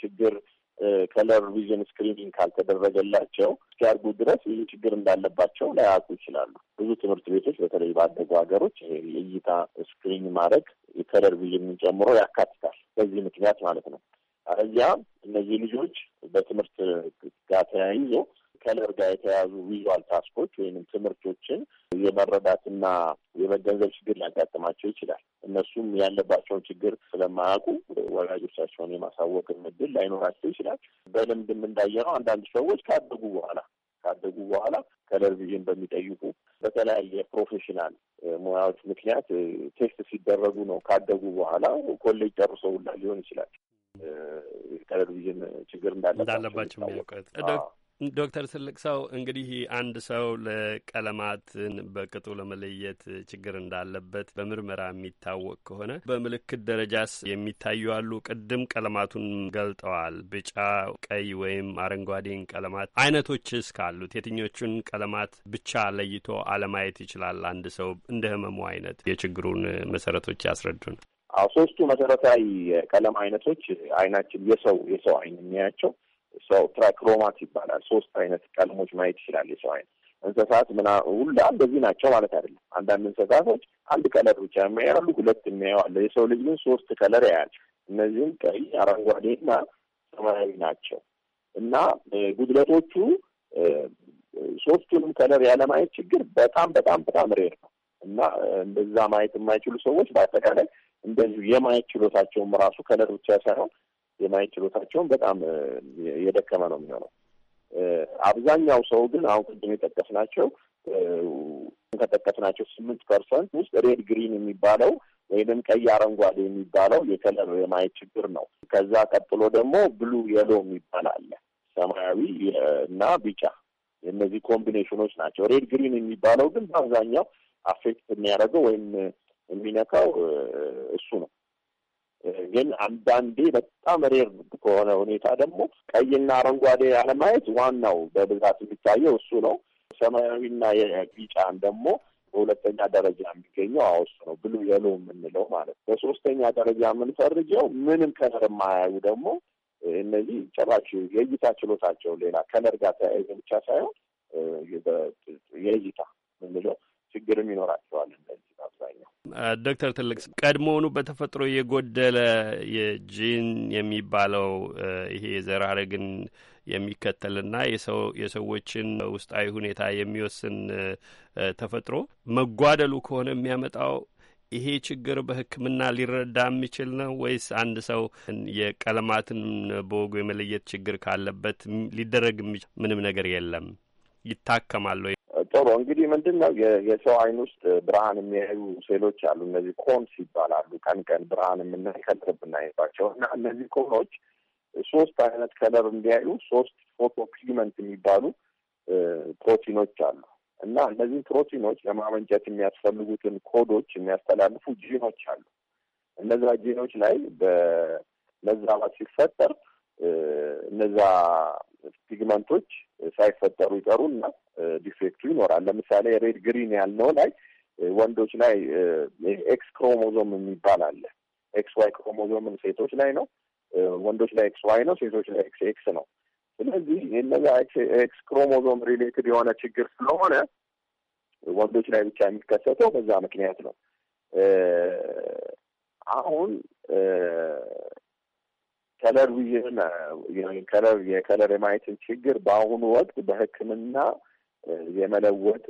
O: ችግር ከለር ቪዥን ስክሪኒንግ ካልተደረገላቸው እስኪያድጉ ድረስ ብዙ ችግር እንዳለባቸው ላያውቁ ይችላሉ። ብዙ ትምህርት ቤቶች በተለይ ባደጉ ሀገሮች የእይታ ስክሪን ማድረግ የከለር ቪዥንን ጨምሮ ያካትታል። በዚህ ምክንያት ማለት ነው። አለዚያ እነዚህ ልጆች በትምህርት ጋር ተያይዞ ከለር ጋር የተያዙ ቪዥዋል ታስኮች ወይም ትምህርቶችን የመረዳትና የመገንዘብ ችግር ሊያጋጥማቸው ይችላል። እነሱም ያለባቸውን ችግር ስለማያውቁ ወላጆቻቸውን የማሳወቅ እድል ላይኖራቸው ይችላል። በልምድም እንዳየነው አንዳንድ ሰዎች ካደጉ በኋላ ካደጉ በኋላ ከለር ቪዥን በሚጠይቁ በተለያየ ፕሮፌሽናል ሙያዎች ምክንያት ቴስት ሲደረጉ ነው ካደጉ በኋላ ኮሌጅ ጨርሰውላ ሊሆን ይችላል ከለር ቪዥን ችግር
A: እንዳለባቸው የሚያውቀት ዶክተር ትልቅ ሰው እንግዲህ አንድ ሰው ለቀለማትን በቅጡ ለመለየት ችግር እንዳለበት በምርመራ የሚታወቅ ከሆነ በምልክት ደረጃስ የሚታዩ አሉ። ቅድም ቀለማቱን ገልጠዋል። ቢጫ፣ ቀይ ወይም አረንጓዴን ቀለማት አይነቶችስ ካሉት የትኞቹን ቀለማት ብቻ ለይቶ አለማየት ይችላል? አንድ ሰው እንደ ህመሙ አይነት የችግሩን መሰረቶች ያስረዱን።
O: ሶስቱ መሰረታዊ ቀለም አይነቶች አይናችን የሰው የሰው አይን የሚያያቸው ሰው ትራክሮማት ይባላል። ሶስት አይነት ቀለሞች ማየት ይችላል የሰው አይነት። እንስሳት ምና ሁላ እንደዚህ ናቸው ማለት አይደለም። አንዳንድ እንስሳቶች አንድ ቀለር ብቻ የሚያያሉ፣ ሁለት የሚያየዋለ። የሰው ልጅ ግን ሶስት ቀለር ያያል። እነዚህም ቀይ፣ አረንጓዴና ሰማያዊ ናቸው እና ጉድለቶቹ ሶስቱንም ከለር ያለማየት ችግር በጣም በጣም በጣም ሬር ነው እና እንደዛ ማየት የማይችሉ ሰዎች በአጠቃላይ እንደዚሁ የማየት ችሎታቸውም ራሱ ከለር ብቻ ሳይሆን የማየት ችሎታቸውን በጣም የደከመ ነው የሚሆነው። አብዛኛው ሰው ግን አሁን ቅድም የጠቀስናቸው ከጠቀስናቸው ስምንት ፐርሰንት ውስጥ ሬድ ግሪን የሚባለው ወይም ቀይ አረንጓዴ የሚባለው የከለር የማየት ችግር ነው። ከዛ ቀጥሎ ደግሞ ብሉ የሎ የሚባል አለ፣ ሰማያዊ እና ቢጫ። እነዚህ ኮምቢኔሽኖች ናቸው። ሬድ ግሪን የሚባለው ግን በአብዛኛው አፌክት የሚያደርገው ወይም የሚነካው እሱ ነው። ግን አንዳንዴ በጣም ሬር ከሆነ ሁኔታ ደግሞ ቀይና አረንጓዴ አለማየት ዋናው በብዛት የሚታየው እሱ ነው። ሰማያዊና የቢጫን ደግሞ በሁለተኛ ደረጃ የሚገኘው አውስ ነው ብሉ የሎ የምንለው ማለት ነው። በሶስተኛ ደረጃ የምንፈርጀው ምንም ከለር የማያዩ ደግሞ እነዚህ ጭራሽ የእይታ ችሎታቸው ሌላ ከለር ጋር ተያይዘ ብቻ ሳይሆን የእይታ የምንለው ችግርም
A: ይኖራቸዋል። አብዛኛው ዶክተር ትልቅ ቀድሞውኑ በተፈጥሮ የጎደለ የጂን የሚባለው ይሄ የዘር ሐረግን የሚከተልና የሰዎችን ውስጣዊ ሁኔታ የሚወስን ተፈጥሮ መጓደሉ ከሆነ የሚያመጣው ይሄ ችግር በሕክምና ሊረዳ የሚችል ነው ወይስ አንድ ሰው የቀለማትን በወጉ የመለየት ችግር ካለበት ሊደረግ ምንም ነገር የለም? ይታከማሉ?
O: ጥሩ እንግዲህ ምንድን ነው የሰው አይን ውስጥ ብርሃን የሚያዩ ሴሎች አሉ። እነዚህ ኮንስ ይባላሉ። ቀን ቀን ብርሃን የምናይ ከለር ብናይባቸው እና እነዚህ ኮኖች ሶስት አይነት ከለር እንዲያዩ ሶስት ፎቶ ፒግመንት የሚባሉ ፕሮቲኖች አሉ እና እነዚህ ፕሮቲኖች ለማመንጨት የሚያስፈልጉትን ኮዶች የሚያስተላልፉ ጂኖች አሉ። እነዛ ጂኖች ላይ በመዛባት ሲፈጠር እነዛ ፒግመንቶች ሳይፈጠሩ ይቀሩና ዲፌክቱ ይኖራል። ለምሳሌ ሬድ ግሪን ያልነው ላይ ወንዶች ላይ ኤክስ ክሮሞዞም የሚባል አለ። ኤክስ ዋይ ክሮሞዞምን ሴቶች ላይ ነው፣ ወንዶች ላይ ኤክስ ዋይ ነው፣ ሴቶች ላይ ኤክስ ኤክስ ነው። ስለዚህ እነዛ ኤክስ ክሮሞዞም ሪሌትድ የሆነ ችግር ስለሆነ ወንዶች ላይ ብቻ የሚከሰተው በዛ ምክንያት ነው። አሁን ከለር ቪዥን ከለር የከለር የማየትን ችግር በአሁኑ ወቅት በሕክምና የመለወጥ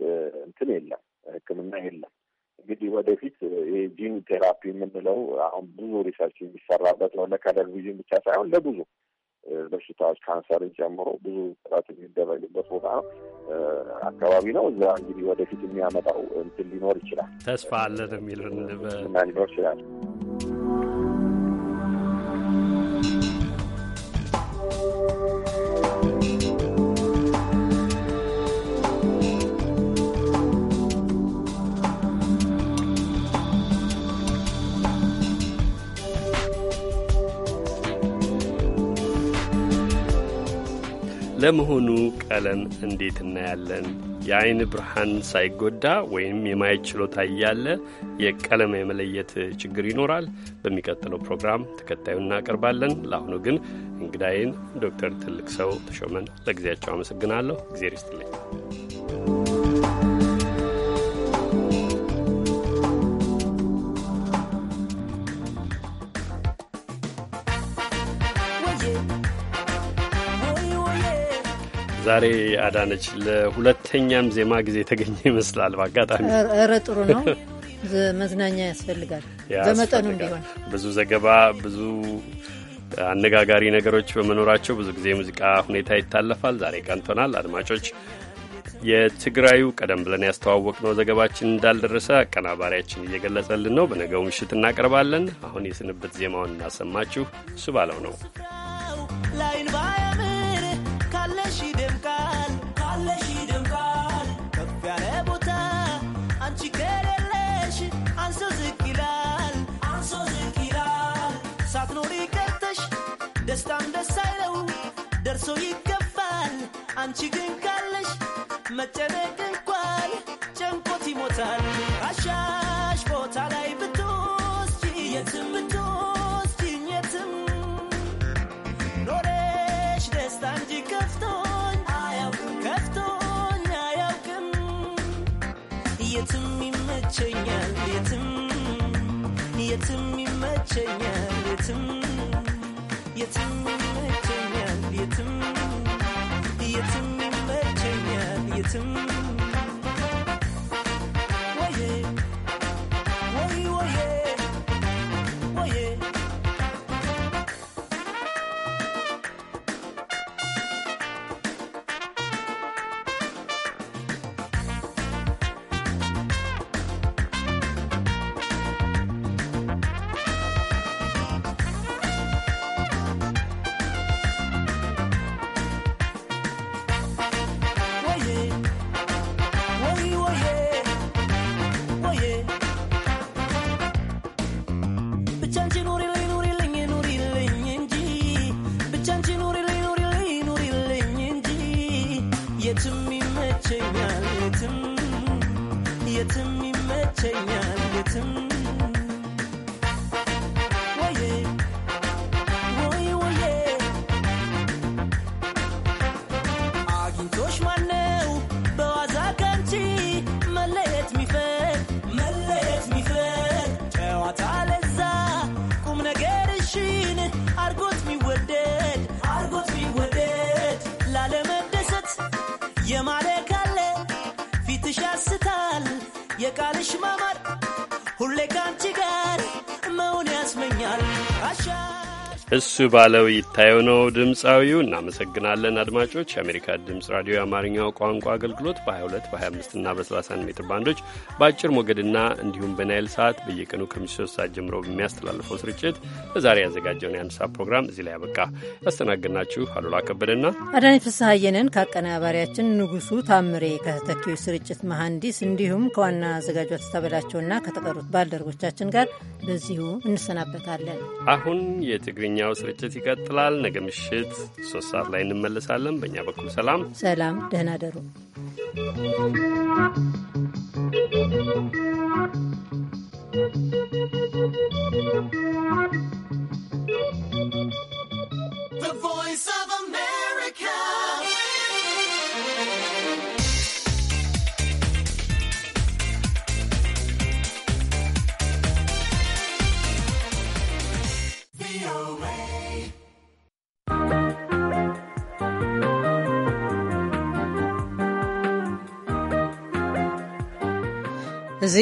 O: እንትን የለም፣ ሕክምና የለም። እንግዲህ ወደፊት የጂን ቴራፒ የምንለው አሁን ብዙ ሪሰርች የሚሰራበት ነው። ለከለር ቪዥን ብቻ ሳይሆን ለብዙ በሽታዎች ካንሰርን ጨምሮ ብዙ ጥረት የሚደረግበት ቦታ አካባቢ ነው። እዛ እንግዲህ ወደፊት የሚያመጣው እንትን ሊኖር
A: ይችላል። ተስፋ አለን የሚል ሊኖር ይችላል። ለመሆኑ ቀለም እንዴት እናያለን? የአይን ብርሃን ሳይጎዳ ወይም የማየት ችሎታ እያለ የቀለም የመለየት ችግር ይኖራል? በሚቀጥለው ፕሮግራም ተከታዩን እናቀርባለን። ለአሁኑ ግን እንግዳይን ዶክተር ትልቅ ሰው ተሾመን ለጊዜያቸው አመሰግናለሁ። እግዜር ይስጥልኝ። ዛሬ አዳነች ለሁለተኛም ዜማ ጊዜ የተገኘ ይመስላል። በአጋጣሚ
C: ኧረ ጥሩ ነው። መዝናኛ ያስፈልጋል፣ በመጠኑ እንዲሆን።
A: ብዙ ዘገባ፣ ብዙ አነጋጋሪ ነገሮች በመኖራቸው ብዙ ጊዜ የሙዚቃ ሁኔታ ይታለፋል። ዛሬ ቀንቶናል አድማጮች። የትግራዩ ቀደም ብለን ያስተዋወቅ ነው ዘገባችን እንዳልደረሰ አቀናባሪያችን እየገለጸልን ነው። በነገው ምሽት እናቀርባለን። አሁን የስንብት ዜማውን እናሰማችሁ። እሱ ባለው ነው
P: ሰው ይገባል። አንቺ ግን ካለሽ መጨነቅ እንኳን ጨንቆት ይሞታል። አሻሽ ቦታ ላይ ብትወስጂ የትም ብትወስጂኝ የትም ኖሬሽ ደስታ እንጂ ከፍቶኝ አያውቅም ከፍቶኝ አያውቅም። የትም ይመቸኛል የትም የትም ይመቸኛል የትም የትም የትም የትም ይመቸኛል የትም ይመቸኛል የትም የትም ይመቸኛል የትም
A: እሱ ባለው ይታየው ነው ድምፃዊው። እናመሰግናለን አድማጮች። የአሜሪካ ድምፅ ራዲዮ የአማርኛው ቋንቋ አገልግሎት በ22 በ25 እና በ31 ሜትር ባንዶች በአጭር ሞገድና እንዲሁም በናይል ሰዓት በየቀኑ ከምሽቱ ሶስት ሰዓት ጀምሮ በሚያስተላልፈው ስርጭት በዛሬ ያዘጋጀውን የአንድ ሰዓት ፕሮግራም እዚህ ላይ ያበቃ። ያስተናገድናችሁ አሉላ ከበደና
C: አዳኒ ፍስሐየንን ከአቀናባሪያችን ንጉሱ ታምሬ ከተኪው ስርጭት መሐንዲስ እንዲሁም ከዋና አዘጋጇ ተስተበላቸውና ከተቀሩት ባልደረቦቻችን ጋር በዚሁ እንሰናበታለን።
A: አሁን የትግርኛ የትግርኛው ስርጭት ይቀጥላል። ነገ ምሽት ሶስት ሰዓት ላይ እንመለሳለን። በእኛ በኩል ሰላም
C: ሰላም፣ ደህና ደሩ።
K: The voice of America.
D: Z